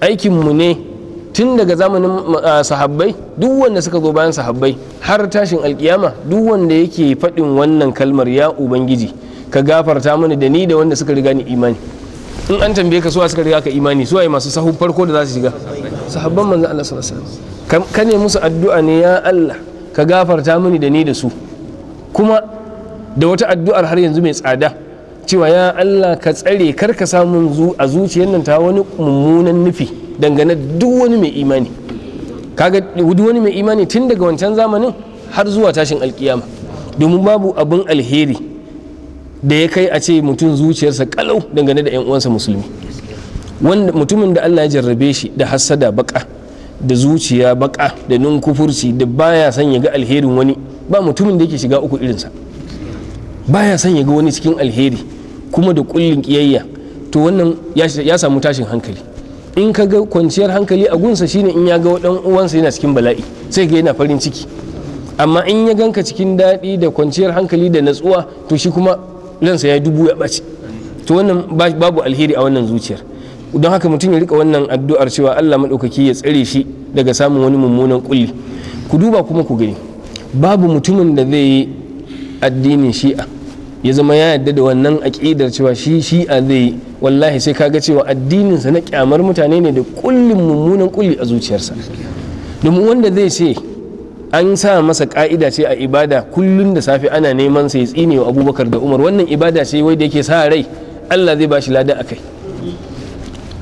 aikin mu ne tun daga zamanin uh, sahabbai duk wanda suka zo bayan sahabbai har tashin alkiyama duk wanda yake faɗin wannan kalmar ya ubangiji ka gafarta mani da ni da wanda suka riga ni imani in an tambaye ka suwa suka riga ka imani suwa yi masu sahu farko da za su shiga sahabban manzo Allah sallallahu alaihi wasallam ka ne musu addu'a ne ya Allah ka gafarta mani da ni da su kuma da wata addu'ar har yanzu mai tsada cewa ya Allah ka tsare kar ka samu a zuciyar nan ta wani mummunan nufi dangane duk wani mai imani kaga duk wani mai imani tun daga wancan zamanin har zuwa tashin alkiyama domin babu abin alheri da ya kai a ce mutum zuciyarsa kalau dangane da 'yan uwansa musulmi wanda mutumin da Allah ya jarrabe shi da hassada baka da zuciya baka da kufurci da baya son ya ga alherin wani ba mutumin da yake shiga uku irinsa baya son ya ga wani cikin alheri kuma da kullin kiyayya to wannan ya samu tashin hankali in ka ga kwanciyar hankali a gunsa shine in ya ga dan uwansa yana cikin bala'i sai ga yana farin ciki amma in ya ganka cikin daɗi da kwanciyar hankali da natsuwa to shi kuma ransa ya dubu ya ɓace to wannan babu alheri a wannan zuciyar don haka mutum ya rika wannan addu'ar cewa Allah maɗaukaki ya tsare shi daga samun wani mummunan kulli ku duba kuma ku gani babu mutumin da zai yi addinin shi'a ya zama ya yadda da wannan aƙidar cewa shi shi a zai wallahi sai kaga cewa addininsa na kyamar mutane ne da kullin mummunan kulli a zuciyarsa domin wanda zai ce an sa masa ka'ida ce a ibada kullum da safe ana neman sai tsine wa abubakar da umar wannan ibada ce wai da yake sa rai allah zai bashi lada a kai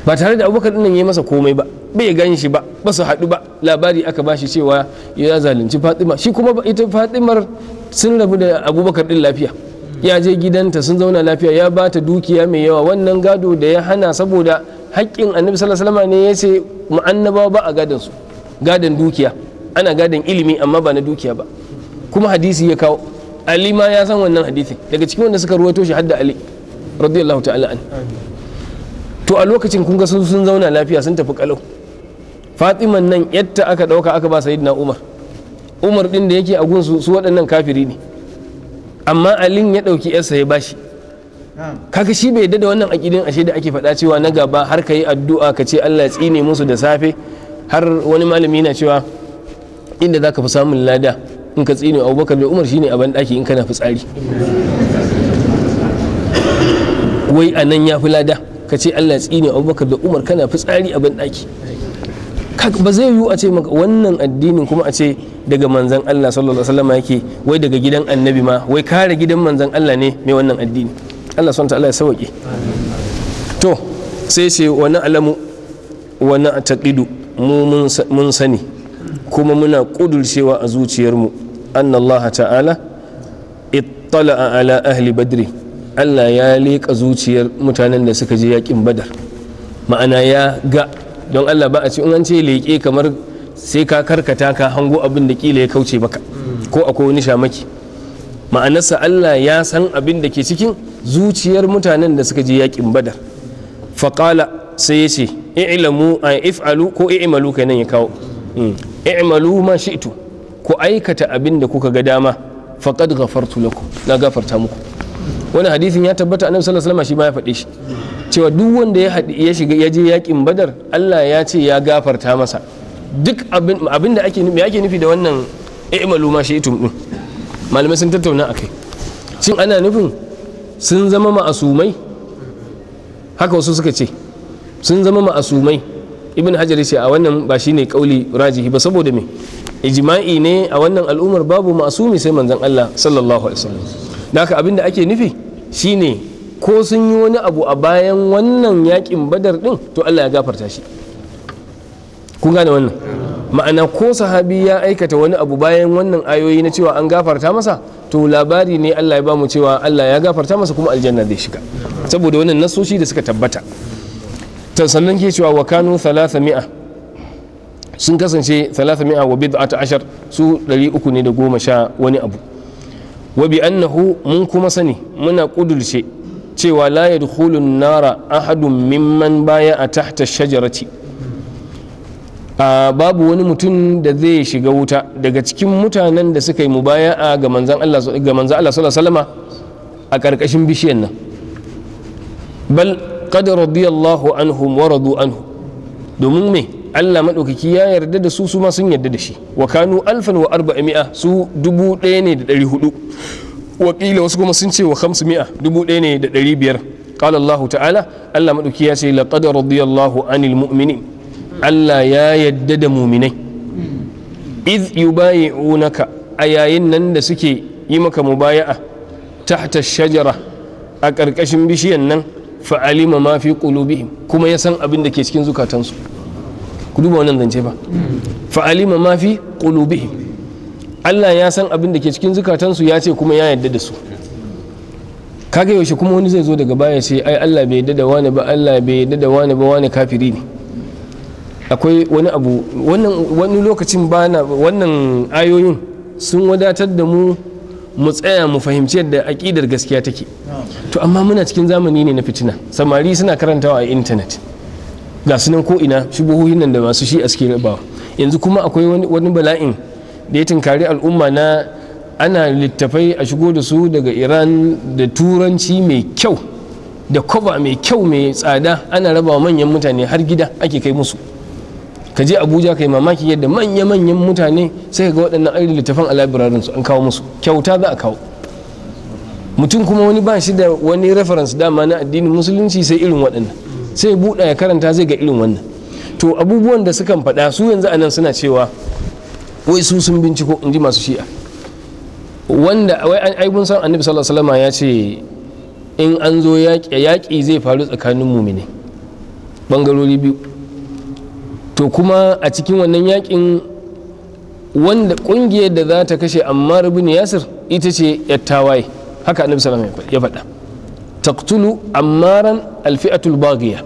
ba tare da abubakar ɗin ya masa komai ba bai gan shi ba ba su haɗu ba labari aka bashi cewa ya zalunci fatima shi kuma ita fatimar sun rabu da abubakar ɗin lafiya ya je gidanta sun zauna lafiya ya ba ta dukiya mai yawa wannan gado da ya hana saboda haƙƙin annabi sallallahu ne ya ce mu'annaba ba a gadon su gadon dukiya ana gadon ilimi amma ba na dukiya ba kuma hadisi ya kawo ali ma ya san wannan hadisi daga cikin wanda suka ruwato shi hadda ali radiyallahu ta'ala an to a lokacin kun ga sun zauna lafiya sun tafi kalau fatiman nan yadda aka dauka aka ba sayyidina umar umar din da yake a gunsu su waɗannan kafiri ne amma alin ya ɗauki yarsa ya bashi kaga shi bai dada da wannan aƙidin ashe da ake faɗa cewa na gaba har ka yi addu'a ka ce Allah tsine musu da safe har wani malami yana cewa inda za ka fi samun lada in ka tsine abubakar da umar shine a ɗaki in kana fitsari wai a nan ya fi lada ka ce Allah tsine abubakar da umar kana fitsari a banɗaki ba zai yiwu a ce maka wannan addinin kuma a ce daga manzan Allah sallallahu alaihi wasallam yake wai daga gidan annabi ma wai kare gidan manzan Allah ne mai wannan addini Allah subhanahu ta'ala ya sauke to sai ce wani alamu wani taqidu mun sani kuma muna ƙudurcewa a zuciyarmu annallaha ta'ala ittala ala ahli badri Allah ya leƙa zuciyar mutanen da suka je yakin badar ma'ana ya ga don Allah ba a ce in an ce leƙe kamar sai ka karkata ka hango abin da kila ya kauce maka ko akwai wani shamaki ma'anarsa Allah ya san abin da ke cikin zuciyar mutanen da suka je yakin badar faƙala sai ya ce i'ilamu a if'alu ko i'malu kenan ya kawo hmm. i'malu ma shi'tu ku aikata abin da kuka ga dama faqad ghafartu lakum na gafarta muku wani hadisin ya tabbata annabi sallallahu alaihi wasallam shi ma ya faɗe shi cewa duk wanda ya ya shiga ya je yakin badar Allah ya ce ya gafarta masa duk abin abin da ake nufi ake nufi da wannan i'malu ma shi'tum din malamai sun tattauna akai shin ana nufin sun zama ma'asumai haka wasu suka ce sun zama ma'asumai ibn hajar ce a wannan ba shi ne kauli rajihi ba saboda me ijma'i ne a wannan al'ummar babu ma'asumi sai manzon Allah sallallahu alaihi wasallam da haka abin da ake nufi shine ko sun yi wani abu a bayan wannan yakin badar din to Allah ya gafarta shi kun gane wannan ma'ana ko sahabi ya aikata wani abu bayan wannan ayoyi na cewa an gafarta masa to labari ne Allah ya ba mu cewa Allah ya gafarta masa kuma aljanna zai shiga saboda wannan nasoshi da suka tabbata ta sannan ke cewa wa kanu 300 sun kasance 300 wa bid'ata ashar su 300 ne da goma sha wani abu wa bi annahu mun kuma sani muna kudurce cewa la yadkhulun nara ahadun mimman baya a tahta shajarati babu wani mutum da zai shiga wuta daga cikin mutanen da suka yi mu baya a ga manzan Allah sallallahu a karkashin bishiyan nan bal qad radiyallahu anhu wa radu anhu domin me Allah maɗaukaki ya yarda da su su ma sun yarda da shi wa kanu alfan wa arba'a mi'a su dubu ɗaya ne da ɗari hudu wasu kuma sun ce wa hamsu mi'a dubu ɗaya ne da ɗari biyar qala ta'ala Allah maɗauki ya ce laqad radiyallahu anil mu'minin Allah ya yarda da muminai iz yubayi'unaka a yayin nan da suke yi maka mubaya'a tahta shajara a ƙarƙashin bishiyan nan fa'alima ma fi qulubihim kuma ya san abin da ke cikin zukatansu ku duba wannan zance ba fa'alima ma fi qulubihim Allah ya san abin da ke cikin zukatansu ya ce kuma ya yadda da su kaga yaushe kuma wani zai zo daga baya sai ai Allah bai yadda da wani ba Allah bai yadda da wani ba wani kafiri ne akwai wani abu wannan wani lokacin bana wannan ayoyin sun wadatar da mu mu tsaya mu fahimci yadda aƙidar gaskiya take to amma muna cikin zamani ne na fitina samari suna karantawa a intanet ga sunan ko ina shubuhohin nan da masu shi a suke rabawa yanzu kuma akwai wani bala'in da ya tunkari al'umma na ana littafai a shigo da su daga iran da turanci mai kyau da kwaba mai kyau mai tsada ana rabawa manyan mutane har gida ake kai musu ka je abuja kai mamaki yadda manya-manyan mutane sai ga waɗannan da littafan alabirarin su an kawo musu kyauta za a kawo mutum kuma wani ba shi da wani reference dama na addinin musulunci sai irin waɗannan sai buɗa ya karanta zai ga irin wannan to abubuwan da sukan faɗa su yanzu anan suna cewa wai su sun binciko in ji masu shi'a wanda wai ai aibun san annabi sallallahu alaihi wasallam ya ce in an zo yaki zai faru tsakanin mumine bangarori biyu to kuma a cikin wannan yakin wanda ƙungiyar da za ta kashe amma bin yasir ita ce yattawaye haka annabi sallallahu alaihi wasallam ya faɗa taqtulu ammaran alfi'atul baghiya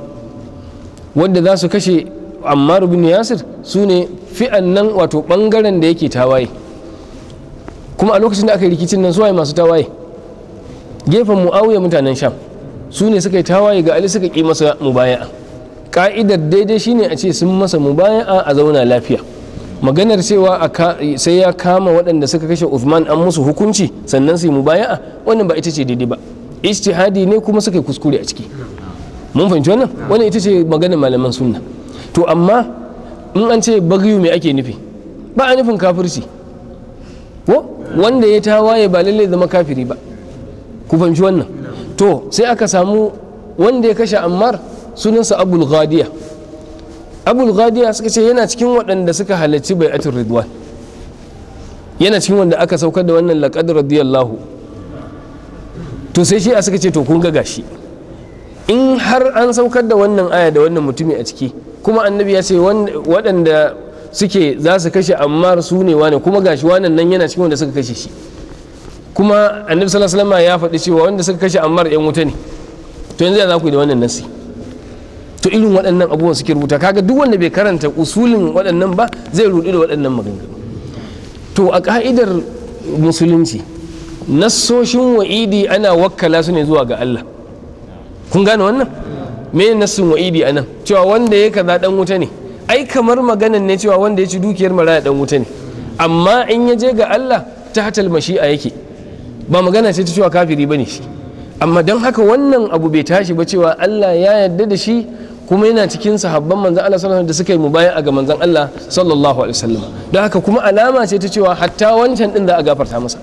wanda za su kashe ammar bin yasir su ne fi'an nan wato bangaren da yake tawaye kuma a lokacin da aka yi rikicin nan suwaye masu tawaye gefen mu'awiya mutanen sham su ne suka yi tawaye ga ali suka ki masa mubaya'a ka'idar daidai shine a ce sun masa mubaya'a a zauna lafiya maganar cewa sai ya kama waɗanda suka kashe Uthman an musu hukunci sannan su yi mubaya'a wannan ba ita ce daidai ba istihadi ne kuma suka yi kuskure a ciki mun fahimci wannan wannan ita ce maganar malaman sunna to amma in an ce bagyu me ake nufi ba a nufin kafirci ko wanda ya ta waye ba lallai zama kafiri ba ku fahimci wannan to sai aka samu wanda ya kashe ammar sunansa abul ghadiya abul ghadiya suka ce yana cikin waɗanda suka halarci bai'atul ridwan yana cikin wanda aka saukar da wannan laqad radiyallahu to sai shi a suka ce to kun ga gashi in har an saukar da wannan aya da wannan mutumi a ciki kuma annabi ya ce waɗanda suke za su kashe amma su ne wane kuma gashi wannan nan yana cikin wanda suka kashe shi kuma annabi sallallahu alaihi wasallam ya faɗi cewa wanda suka kashe ammar yan wuta ne to yanzu ya za ku yi da wannan nasi to irin waɗannan abubuwan suke rubuta kaga duk wanda bai karanta usulin waɗannan ba zai rudu da waɗannan maganganu to a ka'idar musulunci nassoshin wa'idi ana wakkala su ne zuwa ga Allah kun gane wannan me nassin wa'idi anan cewa wanda ya kaza dan wuta ne ai kamar maganan ne cewa wanda ya ci dukiyar maraya dan wuta ne amma in ya je ga Allah ta hatal a yake ba magana ce ta cewa kafiri bane shi amma don haka wannan abu bai tashi ba cewa Allah ya yarda da shi kuma yana cikin sahabban manzan Allah sallallahu da suka yi mubaya ga manzan Allah sallallahu alaihi wasallam don haka kuma alama ce ta cewa hatta wancan din za a gafarta masa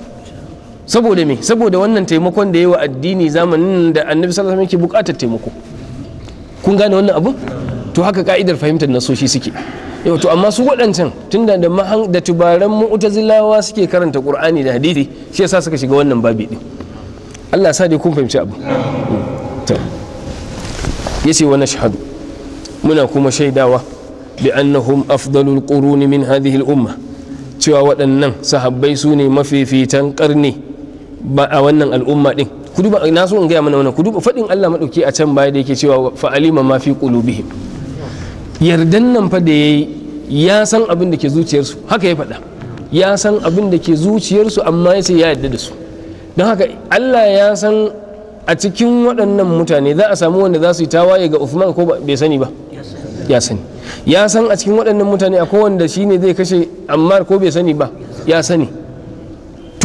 saboda me saboda wannan taimakon da yi wa addini zamanin da annabi sallallahu alaihi wasallam yake buƙatar taimako kun gane wannan abu to haka ka'idar fahimtar nasoshi suke yau to amma su waɗancan tunda da da tubaran mu'tazilawa suke karanta qur'ani da hadisi shi yasa suka shiga wannan babi din Allah sa dai kun fahimci abu to yace wa nashhadu muna kuma shaidawa bi annahum afdalul quruni min hadhihi al umma cewa waɗannan sahabbai su ne mafifitan ƙarni a wannan al'umma din ku duba na so in gaya mana wannan ku duba fadin Allah madauki a can baya da yake cewa fa alima ma fi qulubihim yardan nan fa da yayi ya san abin da ke zuciyarsu haka ya faɗa ya san abin da ke zuciyarsu amma ya ce ya yarda da su don haka Allah ya san a cikin waɗannan mutane za a samu wanda za su yi tawaye ga Uthman ko bai sani ba ya sani ya san a cikin waɗannan mutane akwai wanda shine zai kashe Ammar ko bai sani ba ya sani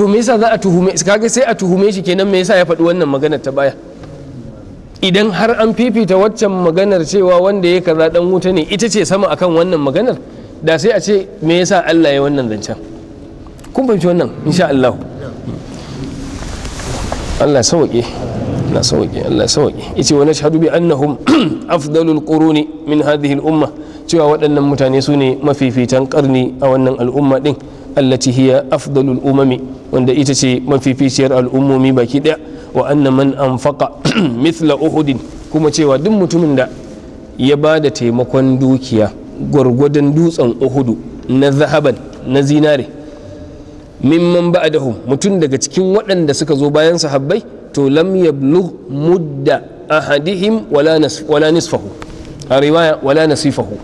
to me yasa za a tuhume kage sai a tuhume shi kenan me yasa ya faɗi wannan maganar ta baya idan har an fifita waccan maganar cewa wanda ya kaza dan wuta ne ita ce sama akan wannan maganar da sai a ce me yasa Allah ya wannan zancen kun fahimci wannan insha Allah Allah sauke Allah sauke Allah sauke yace wa nashhadu bi annahum afdalul quruni min hadhihi al umma cewa waɗannan mutane su ne mafifitan karni a wannan al'umma din allati hiya afdalul umami wanda ita ce mafificiyar al'ummomi baki daya wa anna man anfaqa mithla uhudin kuma cewa duk mutumin da ya ba da taimakon dukiya gwargwadon dutsen uhudu na zahaban na zinare mimman ba'dahum mutum daga cikin waɗanda suka zo bayan sahabbai to lam bulu mudda ahadihim wala nisfahu a riwaya wala nasifahu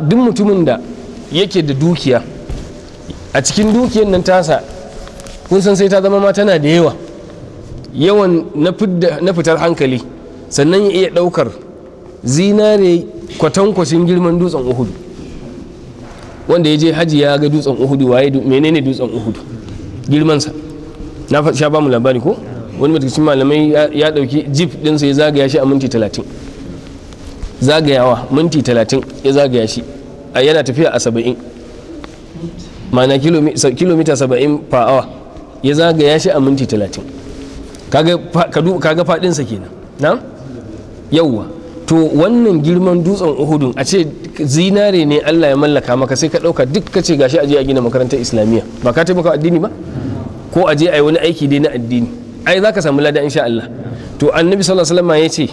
duk mutumin da yake da dukiya a cikin dukiyar nan tasa kun san sai ta zama ma tana da yawa yawan na fitar hankali sannan ya iya ɗaukar zinare kwatankwacin girman dutsen uhudu wanda ya je haji ya ga dutsen uhudu waye menene dutsen uhudu girmansa na sha ba mu labari ko wani matakacin malamai ya ɗauki jip ɗinsa ya zagaya shi a minti talatin zagayawa minti talatin ya zagaya shi a yana tafiya a saba'in mana kilomita 70 per hour ya zaga ya shi a minti 30 kaga faɗinsa kenan na yawwa to wannan girman dutsen uhudun a ce zinare ne allah ya mallaka maka sai ka dauka duk ka ce gashi aje a gina makarantar islamiyya ba ka taimaka addini ba ko aje a yi wani aiki dai na addini ai za ka samu lada insha allah to annabi sallallahu alaihi ya ce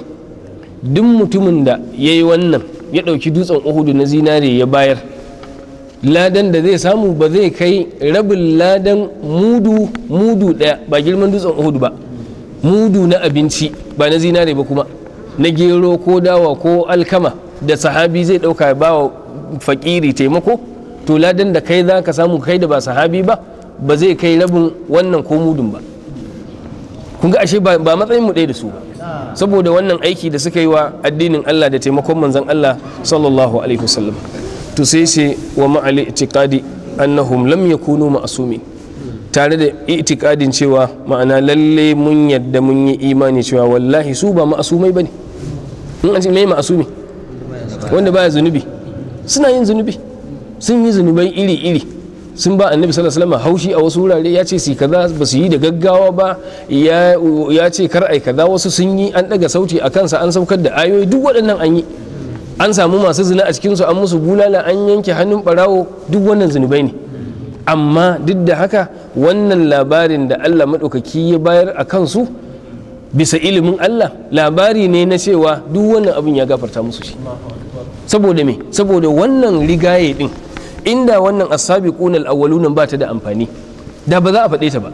duk mutumin da ya yi wannan ya ɗauki dutsen uhudu na zinare ya bayar ladan da zai samu ba zai kai rabin ladan mudu mudu daya ba girman dutsen hudu ba mudu na abinci ba na zinare ba kuma na gero ko dawa ko alkama da sahabi zai dauka ba wa fakiri taimako to ladan da kai za ka samu kai da ba sahabi ba ba zai kai rabin wannan ko mudun ba kun ga ashe ba matsayin mu ɗaya da su ba saboda wannan aiki da suka yi wa addinin Allah da taimakon manzan Allah sallallahu alaihi wasallam tusaishe wa ma'ali itikadi annahum lam yakunu ma'asumi tare da itikadin cewa ma'ana lalle mun yadda mun yi imani cewa wallahi su ba ma'asumai bane in an ce mai ma'asumi wanda baya zunubi suna yin zunubi sun yi zunubai iri iri sun ba annabi sallallahu alaihi wasallam haushi a wasu wurare ya ce su kaza ba su yi da gaggawa ba ya ce kar ai kaza wasu sun yi an daga sauti a kansa an saukar da ayoyi duk waɗannan an yi an samu masu zina a cikinsu an musu bulala an yanke hannun barawo duk wannan zunubai ne amma duk da haka wannan labarin da allah maɗaukaki ya bayar a kansu bisa ilimin allah labari ne na cewa duk wannan abin ya gafarta musu shi saboda me saboda wannan rigaye din inda wannan asabi kunal awwaluna ba ta da amfani da ba za a faɗe ta ba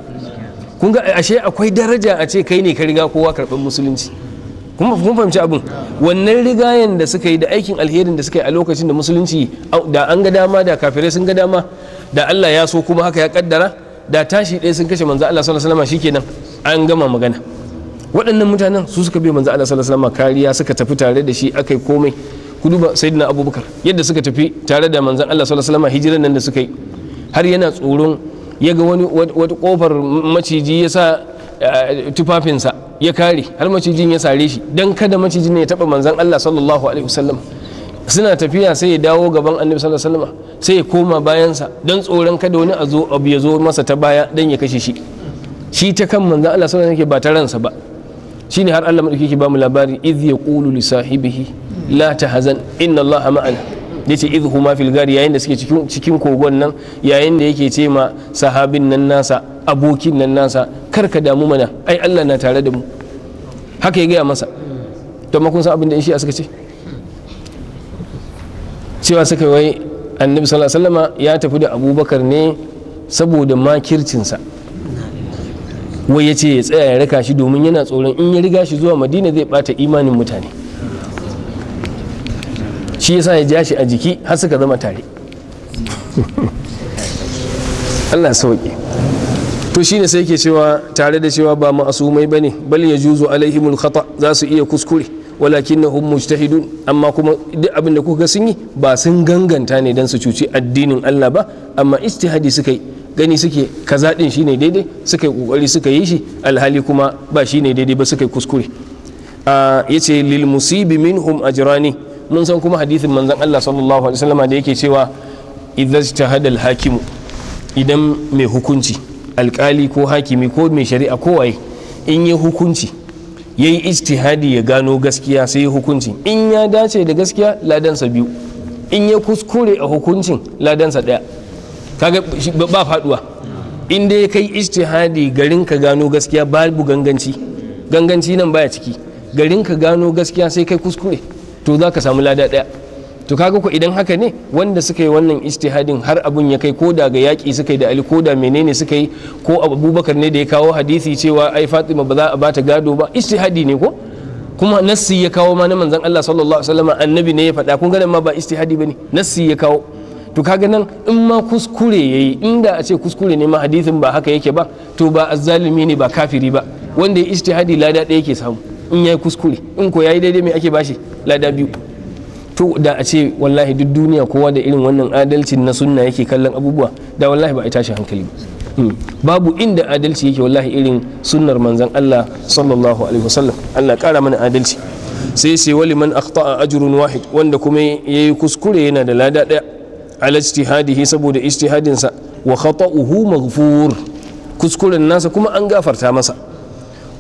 kun ga ashe akwai daraja a ce kai ne ka riga kowa karban musulunci kuma kun fahimci abin wannan rigayen da suka yi da aikin alherin da suka yi a lokacin da musulunci da an ga dama da kafirai sun ga dama da Allah ya so kuma haka ya kaddara da tashi ɗaya sun kashe manzo Allah sallallahu alaihi wasallam shikenan an gama magana waɗannan mutanen su suka bi manzo Allah sallallahu alaihi wasallam kariya suka tafi tare da shi akai komai ku duba sayyidina Abubakar yadda suka tafi tare da manzo Allah sallallahu alaihi wasallam hijiran nan da suka yi har yana tsoron ya ga wani wata kofar maciji yasa. Eh, tufafinsa ya kare har macijin ya sare shi dan kada macijin ne ya taba manzon Allah sallallahu alaihi wasallam suna tafiya sai ya dawo gaban annabi sallallahu alaihi wasallam sai ya koma bayansa Don tsoron kada wani a zo abu ya zo masa ta baya dan ya kashe shi shi ta kan manzon Allah sallallahu alaihi wasallam ba ta ransa ba shine har Allah madauki yake ba mu labari idh yaqulu sahibihi la tahzan inna yace idhuma fil gari yayin da suke cikin kogon nan yayin da yake ce ma sahabin nan nasa abokin nan nasa kar ka damu mana ai Allah na tare da mu haka ya gaya masa don makon kun san abin da shi suka ce cewa suka wai annabi sallallahu alaihi wasallama ya tafi da abubakar ne saboda makircinsa wai ya ce ya tsaya ya raka shi domin yana tsoron in ya riga shi zuwa madina zai bata imanin mutane shi yasa ya ja shi a jiki har suka zama tare Allah to shine sai ke cewa tare da cewa ba ma'asumai bane bal yajuzu alaihimul khata za su iya kuskure hum mujtahidun amma kuma duk abin da kuka sun yi ba sun ganganta ne dan su cuci addinin Allah ba amma ijtihadi suka yi gani suke kaza din shine daidai suka yi kokari suka yi shi alhali kuma ba shine daidai ba suka yi kuskure ah, yace lil musibi minhum ajrani mun san kuma hadisin manzon Allah sallallahu alaihi wasallama da yake cewa idza tahadal hakim idan mai hukunci alkali ko hakimi ko mai shari'a ko waye in yi hukunci yayi ijtihadi ya gano gaskiya sai ya hukunci in ya dace da gaskiya ladansa biyu in ya kuskure a hukuncin ladansa daya kaga ba faduwa in dai kai ijtihadi garin ka gano gaskiya babu ganganci ganganci nan baya ciki garin ka gano gaskiya sai kai kuskure to za ka samu lada ɗaya to kaga ku idan haka ne wanda suka yi wannan istihadin har abun ya kai koda ga yaƙi suka yi da ali koda menene suka yi ko abubakar ne da ya kawo hadisi cewa ai fatima ba za a bata gado ba istihadi ne ko kuma nassi ya kawo ma na manzon Allah sallallahu alaihi wasallam annabi ne ya faɗa kun ganin ma ba istihadi bane nassi ya kawo to kaga nan in ma kuskure yayi inda a ce kuskure ne ma hadisin ba haka yake ba to ba azzalimi ne ba kafiri ba wanda ya istihadi lada ɗaya yake samu in yayi kuskure in ko yi daidai mai ake bashi lada biyu to da a ce wallahi duk duniya kowa da irin wannan adalcin na sunna yake kallon abubuwa da wallahi ba a tashi hankali ba hmm. babu inda adalci yake wallahi irin sunnar manzon Allah sallallahu alaihi wasallam Allah kara mana adalci sai sai wali man akhta'a ajrun wahid wanda kuma yayi kuskure yana da lada daya ala ijtihadihi saboda ijtihadinsa wa khata'uhu maghfur kuskuren nasa kuma an gafarta masa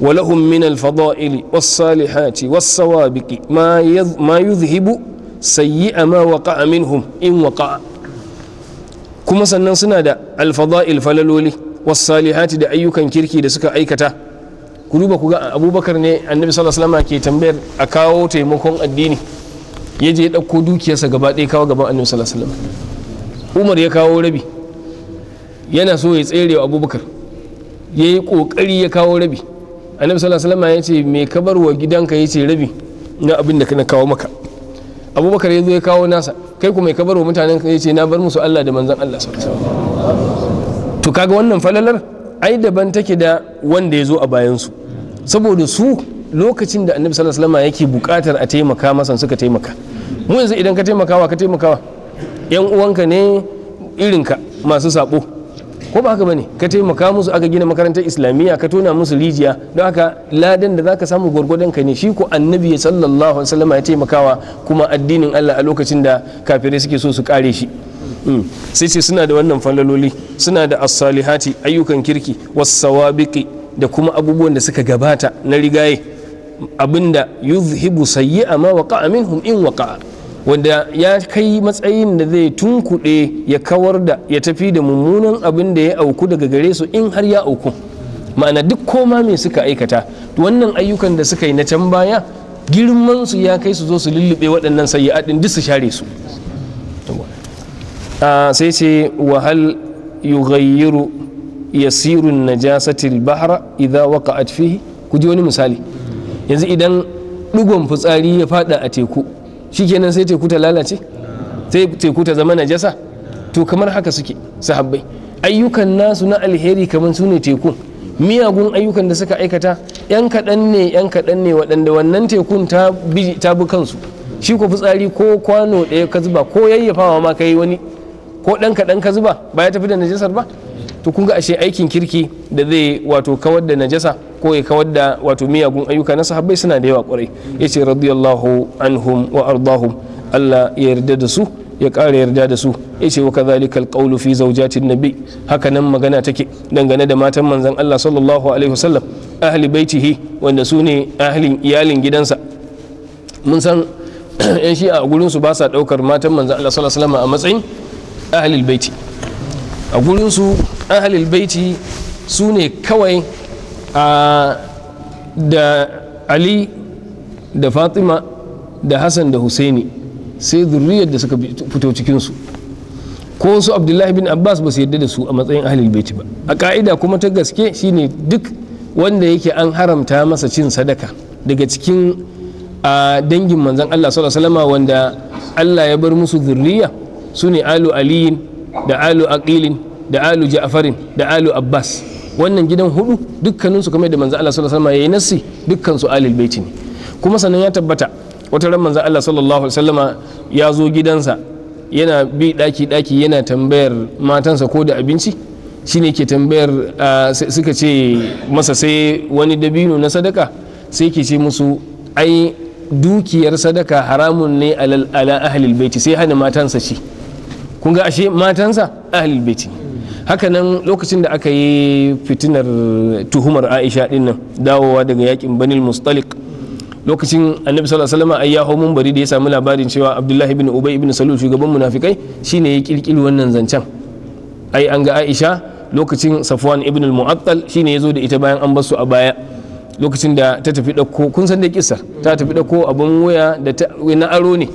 ولهم من الفضائل والصالحات والسوابق ما ما يذهب سيء ما وقع منهم إن وقع kuma sannan suna da alfada'il falaloli wasalihati da ayyukan kirki da suka aikata ku duba ku ga abubakar ne annabi sallallahu alaihi wasallam ke tambayar a kawo taimakon addini ya je ya dukiyarsa gaba ɗaya kawo gaban annabi sallallahu alaihi umar ya kawo rabi yana so ya tsere wa abubakar ya yi ƙoƙari ya kawo rabi annabi sallallahu alaihi wasallam ya ce me ka bar wa gidanka ya rabi na abin da kana kawo maka abubakar ya zo ya kawo nasa kai kuma mai kabar wa mutanen ka yace na bar musu Allah da manzon Allah sallallahu alaihi to kaga wannan falalar ai daban take da wanda ya zo a bayan su saboda su lokacin da annabi sallallahu alaihi wasallam yake bukatar a taimaka masa suka taimaka mu yanzu idan ka taimakawa ka taimakawa yan uwanka ne irinka masu sabo ko ba haka bane ka taimaka musu aka gina makarantar islamiyya ka tona musu rijiya don haka ladan da zaka samu gwargwadon ka ne shi ko annabi sallallahu alaihi wasallam ya taimakawa kuma addinin Allah a lokacin da kafirai suke so su kare shi hmm. sai sai suna da wannan falaloli suna da as-salihati ayyukan kirki was-sawabiqi da kuma abubuwan da suka gabata na rigaye abinda yuzhibu sayyi'a ma waqa'a minhum in waqa'a wanda ya kai matsayin da zai tunkuɗe ya kawar da ya tafi da mummunan abin da ya auku daga gare su in har ya auku ma'ana duk koma mai suka aikata wannan ayyukan da suka yi na can baya girman su ya kai su zo su lullube waɗannan sayyi'adin duk su share su ah, sai ce wahal yughayyiru yasirun najasatil bahra idza waqa'at fihi ku ji wani misali yanzu idan ɗigon fitsari ya fada a teku shikenan sai teku ta lalace sai teku ta zama najasa to kamar haka suke sahabbai ayyukan nasu na alheri kamar su ne tekun miyagun ayyukan da suka aikata yan kaɗan ne yan kaɗan ne waɗanda wannan tekun ta bi kansu shi ko fitsari ko kwano ɗaya ka zuba ko yayyafawa ma ka yi wani ko ɗan kaɗan ka zuba ba ya tafi da najasar ba to kun ga ashe aikin kirki da zai wato kawar da najasa ko ya kawar da wato miyagun ayyuka na sahabbai suna da yawa kwarai yace radiyallahu anhum wa ardahum Allah ya yarda da su ya ƙara yarda da su ya ce wa kazalikal qawlu fi zawjatin nabi haka nan magana take dangane da matan manzon Allah sallallahu alaihi wasallam ahli baitihi wanda su ne ahlin iyalin gidansa mun san yan shi a gurin su ba sa daukar matan manzon Allah sallallahu alaihi wasallam a matsayin ahlil baiti a gurin su ahalil baiti su ne kawai da ali da fatima da hassan da husaini sai zurriyar da suka fito cikinsu ko su abdullahi bin abbas ba su yadda da su a matsayin ahalil baiti ba a ka'ida kuma ta gaske shine duk wanda yake an haramta masa cin sadaka daga cikin a dangin manzan allah salama wanda allah ya bar musu zurriya su ne alu aliyin da alu aqilin da alu ja'farin da alu abbas wannan gidan hudu dukkaninsu kamar da manzo Allah sallallahu alaihi wasallam yayi nasi dukkan alil baiti ne kuma sannan ya tabbata wata ran manzo Allah sallallahu alaihi wasallama ya zo gidansa yana bi daki daki yana tambayar matansa ko da abinci shine ke tambayar suka ce masa sai wani dabino na sadaka sai ke ce musu ai dukiyar sadaka haramun ne ala ahlil baiti sai hana matansa shi kun ga ashe matansa ahlil baiti ne hakanan lokacin da aka yi fitinar tuhumar aisha din nan dawowa daga yakin banil mustalik lokacin annabi sallallahu alaihi wasallam mun bari da ya samu labarin cewa abdullahi ibn ubay ibn salul shugaban munafikai shine ya kirkiri wannan zancen ai an ga aisha lokacin safwan ibn al-mu'attal shine yazo zo da ita bayan an basu a baya lokacin da ta tafi ko kun san da kisa ta tafi dauko abun waya da na aro ne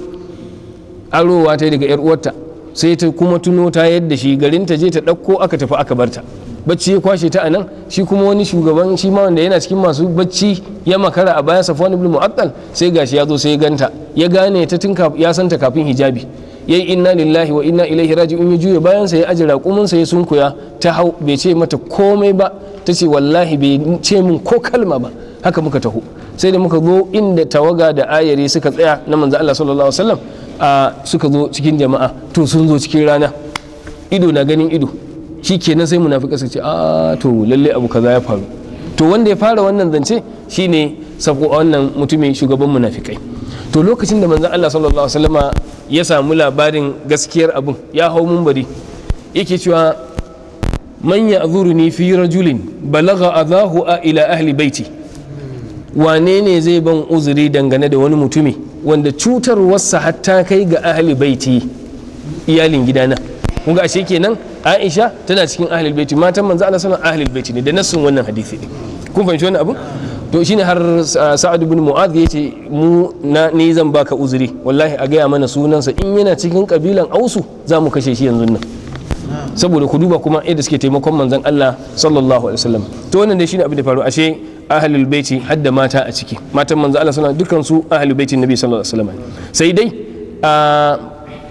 arowa ta daga yar uwarta sai ta kuma tuno ta yadda shi garin ta je ta ɗauko aka tafi aka barta bacci ya kwashe ta anan shi kuma wani shugaban shi ma wanda yana cikin masu bacci ya makara a baya safwan ibn mu'attal sai gashi ya zo sai ya ganta ya gane ta tun ya santa kafin hijabi ya inna lillahi wa inna ilaihi raji'un ya juya bayan sa ya ajira raƙumin sa ya sunkuya ta hau bai ce mata komai ba tace wallahi bai ce min ko kalma ba haka muka taho sai da muka zo inda tawaga da ayari suka tsaya na manzo Allah sallallahu alaihi wasallam a suka zo cikin jama'a to sun zo cikin rana ido na ganin ido shi kenan sai munafika suka ce a to lalle abu kaza ya faru to wanda ya fara wannan zance shine sabo wannan mutumin shugaban munafikai to lokacin da manzon Allah sallallahu alaihi wasallama ya samu labarin gaskiyar abun ya hau munbari yake cewa man ya'zuruni fi rajulin balagha adahu ila ahli baiti wane ne zai ban uzuri dangane da wani mutumi wanda cutar cutarwarsa hatta kai ga ahli baiti iyalin gidana kuma ga ashe kenan Aisha tana cikin ahli baiti matan manzo Allah sallallahu alaihi baiti ne da nassun wannan hadisi ne kun fahimci wannan abun to shine har uh, Sa'ad ibn Mu'adh yace mu na ne zan baka uzuri wallahi a gaya mana sunansa in yana cikin kabilan Ausu za mu kashe shi yanzu nan saboda ku duba kuma yadda suke taimakon manzon Allah sallallahu alaihi wasallam to wannan ne shine abin da faru ashe ahlul baiti hadda mata a ciki matan manzo Allah sallallahu dukkan su ahlul baiti nabi sallallahu alaihi wasallam sai dai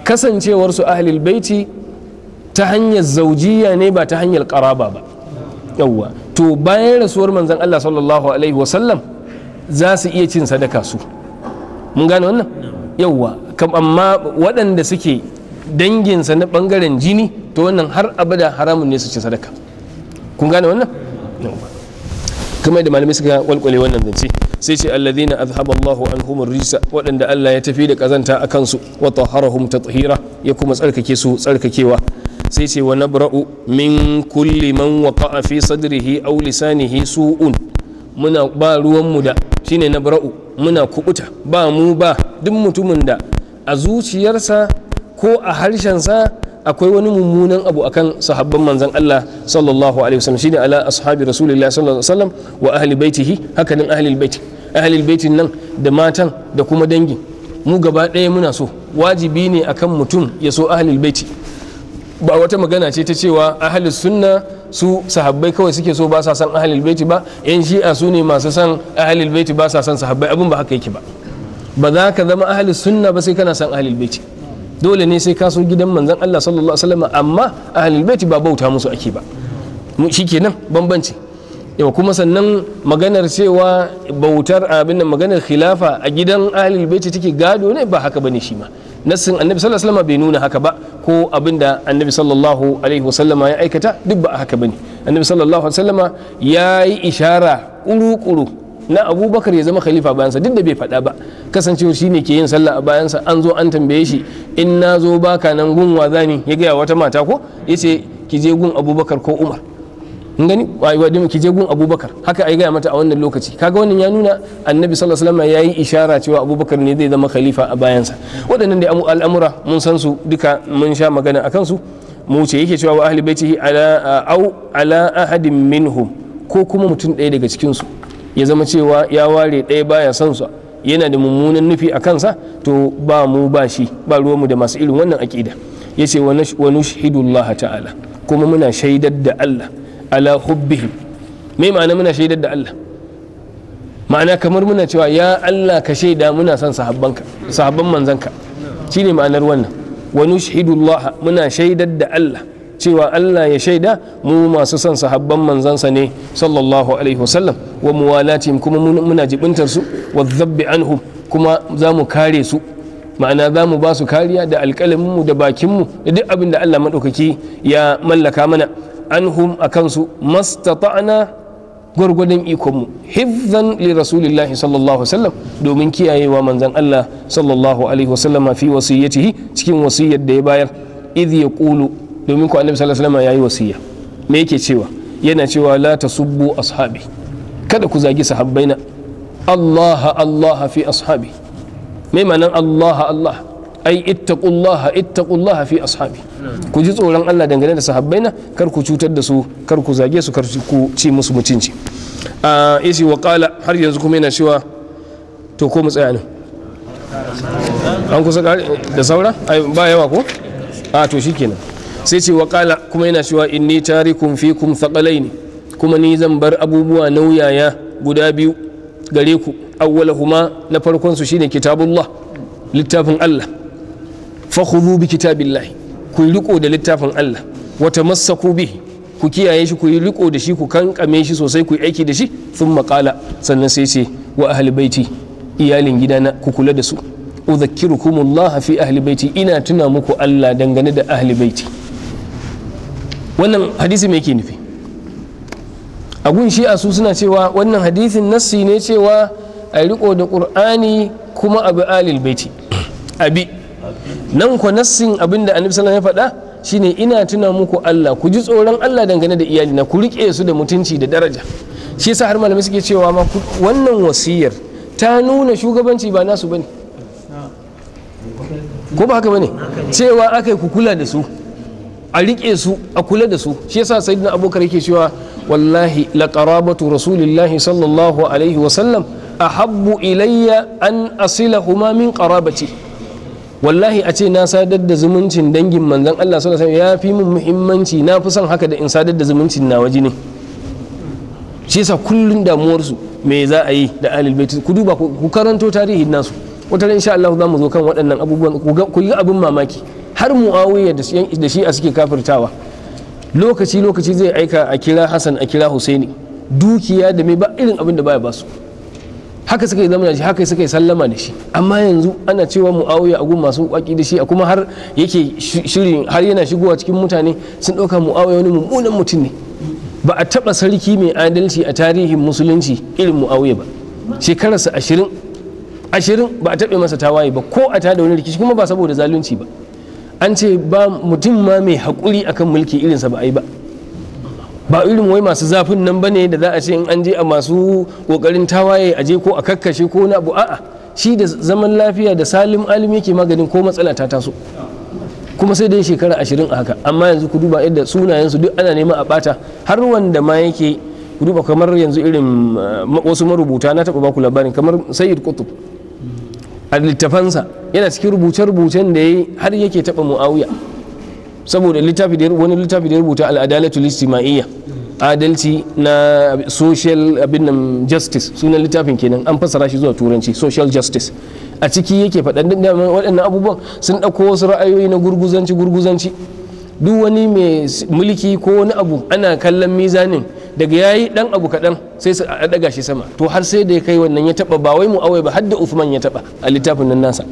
kasancewar su ahlul baiti ta hanyar zaujiya ne ba ta hanyar qaraba ba yawwa to bayan rasuwar manzon Allah sallallahu alaihi wasallam za su iya cin sadaka su mun gane wannan yawwa kam amma waɗanda suke danginsa na ɓangaren jini to wannan har abada haramun ne su ci sadaka kun gane wannan yawwa kamar da malamai suka kwalkwale wannan zance sai ce alladhina azhaba an anhum rijsa waɗanda Allah ya tafi da kazanta a kansu wa taharahum tathira ya kuma tsarkake su tsarkakewa sai ce wa nabra'u min kulli man waqa'a fi sadrihi aw lisanihi su'un muna ba ruwan mu da shine nabra'u muna kubuta ba mu ba duk mutumin da a zuciyarsa ko a harshensa akwai wani mummunan abu akan sahabban manzan Allah sallallahu alaihi wasallam shine ala ashabi rasulillah sallallahu alaihi wasallam wa ahli baitihi hakanin ahli baiti ahli baiti nan da matan da kuma dangi mu gaba ɗaya muna so wajibi ne akan mutum ya so ahli baiti ba wata magana ce ta cewa ahli sunna su sahabbai kawai suke so ba sa san ahli baiti ba yan shi'a su ne masu san ahli baiti ba sa san sahabbai abin ba haka yake ba ba za ka zama ahli sunna ba sai kana san ahli baiti dole ne sai ka so gidan manzon Allah sallallahu alaihi wasallam amma ahlul baiti ba bauta musu ake ba mu shikenan bambanci yau kuma sannan maganar cewa bautar abin maganar khilafa a gidan ahlul baiti take gado ne ba haka bane shi ma nassin annabi sallallahu alaihi wasallam bai nuna haka ba ko abinda annabi sallallahu alaihi wasallam ya aikata duk ba haka bane annabi sallallahu alaihi wasallam ya yi ishara kuru-kuru na abubakar ya zama khalifa bayansa duk da bai faɗa ba kasancewa shi ne ke yin sallah a bayansa an zo an tambaye shi in na zo baka nan gun wazani ya gaya wata mata ko ya ce ki je gun abubakar ko umar in gani wa ki je gun abubakar haka ai gaya mata a wannan lokaci kaga wannan ya nuna annabi sallallahu alaihi wasallam yi ishara cewa abubakar ne zai zama khalifa a bayansa waɗannan da al'amura mun san su duka mun sha magana akan su mu ce yake cewa wa ahli baitihi ala au ala ahadin minhum ko kuma mutum ɗaya daga cikin su ya zama cewa ya ware ɗaya baya son sa yana da mummunan nufi a kansa to ba mu ba shi ba ruwanmu da masu irin wannan aƙida ya ce wa nushhidullah ta'ala kuma muna shaidar da Allah ala hubbihi me ma'ana muna shaidar da Allah ma'ana kamar muna cewa ya Allah ka shaida muna son sahabbanka sahabban manzanka shine ma'anar wannan wa nushhidullah muna shaidar da Allah cewa Allah ya shaida mu masu son sahabban manzansa ne sallallahu alaihi wasallam wa muwalatihim kuma muna jibintar su wa dhabbi anhum kuma za mu kare su ma'ana za mu ba su kariya da mu da bakinmu da duk abin da Allah maɗaukaki ya mallaka mana anhum a kansu mastata'ana gwargwadon ikonmu hifzan li rasulillahi sallallahu wasallam domin kiyayewa manzan Allah sallallahu alaihi wasallama fi wasiyyatihi cikin wasiyyar da ya bayar idh yaqulu domin ku annabi sallallahu alaihi wasallam yayi wasiya me yake cewa yana cewa la tasubbu ashabi kada ku zagi sahabbaina Allah Allah fi ashabi me ma'anan Allah Allah ai ittaqullaha ittaqullaha fi ashabi ku ji tsoron Allah dangane da sahabbaina kar ku cutar da su kar ku zage su kar ku ci musu mutunci a yace wa qala har yanzu kuma yana cewa to ko mu tsaya ne an kusa da saura ba yawa ko a to shikenan sai ce wa kala kuma yana cewa inni tarikum fikum thaqalaini kuma ni zan bar abubuwa nauyaya guda biyu gare ku awwalahuma na farkon su shine kitabullah littafin Allah fa khudhu bi kitabillah ku riko da littafin Allah wa tamassaku bi ku kiyaye shi ku riko da shi ku kankame shi sosai ku aiki da shi sun maqala sannan sai ce wa ahli baiti iyalin gidana ku kula da su udhakkirukumullah fi ahli baiti ina tuna muku Allah dangane da ahli baiti wannan hadisi me ke nufi a gun a su suna cewa wannan hadisin nassi ne cewa a riko da qur'ani kuma abu alil baiti abi nan ko nassin abinda annabi sallallahu ya faɗa shine ina tuna muku Allah ku ji tsoron Allah dangane da iyali na ku rike su da mutunci da daraja shi yasa har malamai suke cewa ma wannan wasiyar ta nuna shugabanci ba nasu bane ko ba haka bane cewa akai ku kula da su a riƙe su a kula da su shi yasa sayyidina abubakar yake cewa wallahi la qarabatu rasulillahi sallallahu alaihi wa sallam ahabbu ilayya an asilahuma min qarabati wallahi a ce na sadar da zumuncin dangin manzon Allah sallallahu alaihi ya fi min muhimmanci na fi son haka da in sadar da zumuncin nawa jini shi yasa kullun damuwarsu me za a yi da ahlul bait ku duba ku karanto tarihin nasu wata insha Allah za mu zo kan waɗannan abubuwan ku ga abin mamaki har muawiya da shi a suke kafirtawa lokaci lokaci zai aika a kira hassan a kira husaini dukiya da mai ba irin abin da baya ba su haka suka yi zama shi haka suka yi sallama da shi amma yanzu ana cewa muawiya a gun masu kwaki da shi a kuma har yake shirin har yana shigowa cikin mutane sun ɗauka muawiya wani mummunan mutum ne ba a taɓa sarki mai adalci a tarihin musulunci irin muawiya ba shekararsa ashirin ashirin ba a taɓa masa tawaye ba ko a tada wani rikici kuma ba saboda zalunci ba an ce ba mutum ma mai haƙuri akan mulki irinsa ba a yi ba ba irin wai masu zafin nan ba ne da za a ce in an je a masu ƙoƙarin tawaye a je ko a kakkashe ko na abu a'a shi da zaman lafiya da salim alimi ke maganin ko matsala ta taso kuma sai dai shekara ashirin a haka amma yanzu ku duba yadda sunayensu duk ana nema a ɓata har wanda ma yake duba kamar yanzu irin eh, wasu marubuta na taɓa baku labarin kamar sayyid kutub a littafansa yana cikin rubuce-rubucen da ya har yake taɓa mu'awiya saboda da wani littafi da ya rubuta al'adalatu istima'iyya adalci na social abin justice sunan littafin kenan an fassara shi zuwa turanci social justice a ciki yake faɗan waɗannan abubuwan sun ɗauko wasu ra'ayoyi na gurguzanci gurguzanci duk wani mai mulki ko wani abu ana kallon mizanin daga ya yi ɗan abu kaɗan sai su ɗaga shi sama to har sai da ya kai wannan ya taɓa ba wai mu awai ba har da ya taɓa a littafin nan nasa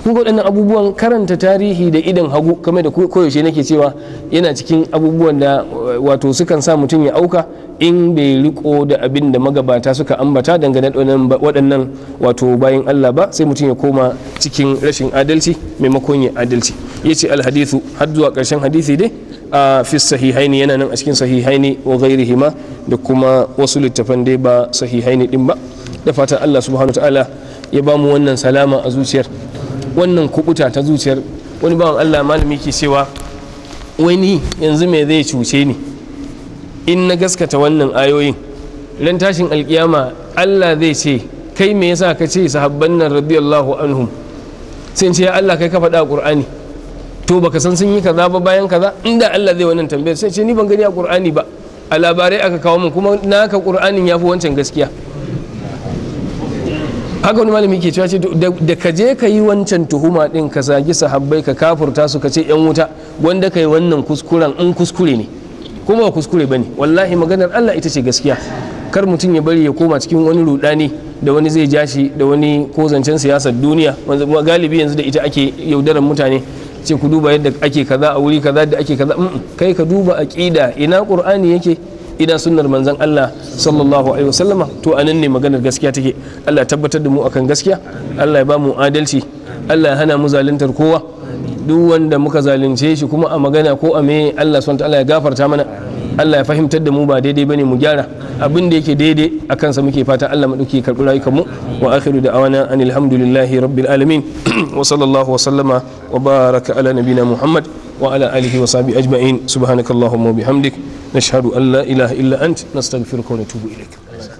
kun ga waɗannan abubuwan karanta tarihi da idan hagu kamar da koyaushe nake cewa yana cikin abubuwan da eh, wato sukan sa mutum ya auka in bai riko da abin da magabata suka ambata dangane da waɗannan wato bayan Allah ba sai mutum ya koma cikin rashin adalci maimakon ya adalci yace alhadisu har zuwa ƙarshen hadisi dai a fi sahihaini yana nan a cikin sahihaini wa ghairihima da kuma wasu littafan dai ba sahihaini din ba da fatan Allah subhanahu ta'ala ya ba mu wannan salama a zuciyar wannan kubuta ta zuciyar wani bawan Allah malami ke cewa wani yanzu me zai cuce ni in na gaskata wannan ayoyin ran tashin alkiyama Allah zai ce kai me yasa ka ce sahabban nan radiyallahu anhum sai ce ya Allah kai ka faɗa Qur'ani to baka san sun yi kaza ba bayan kaza inda Allah zai wannan tambayar sai ce ni ban gani a Qur'ani ba a labarai aka kawo min kuma naka Qur'anin yafi wancan gaskiya haka wani malami ke cewa ce da ka je ka yi wancan tuhuma din ka zagi sahabbai ka kafurta su ka ce yan wuta wanda kai wannan kuskuren in kuskure ne kuma ba kuskure bane wallahi maganar Allah ita ce gaskiya kar mutum ya bari ya koma cikin wani rudani da wani zai ja da wani ko zancen siyasar duniya galibi yanzu da ita ake yaudarar mutane ce ku duba yadda ake kaza a wuri kaza da ake kaza kai ka duba aqida ina qur'ani yake ina sunnar manzon Allah sallallahu alaihi wasallama to anan ne maganar gaskiya take Allah tabbatar da mu akan gaskiya Allah ya ba mu adalci Allah ya hana mu zaluntar kowa duk wanda muka zalunce shi kuma a magana ko a me Allah subhanahu wa ta'ala ya gafarta mana Allah ya fahimtar da mu ba daidai bane mu gyara abin da yake daidai a kansa muke fata Allah madauki karɓi rayukan mu wa akhiru da'awana anil hamdulillahi rabbil alamin wa sallallahu wa sallama wa baraka ala nabina muhammad wa ala alihi wa sahbihi ajma'in subhanakallahumma wa bihamdik nashhadu an la ilaha illa ant nastaghfiruka wa natubu ilaik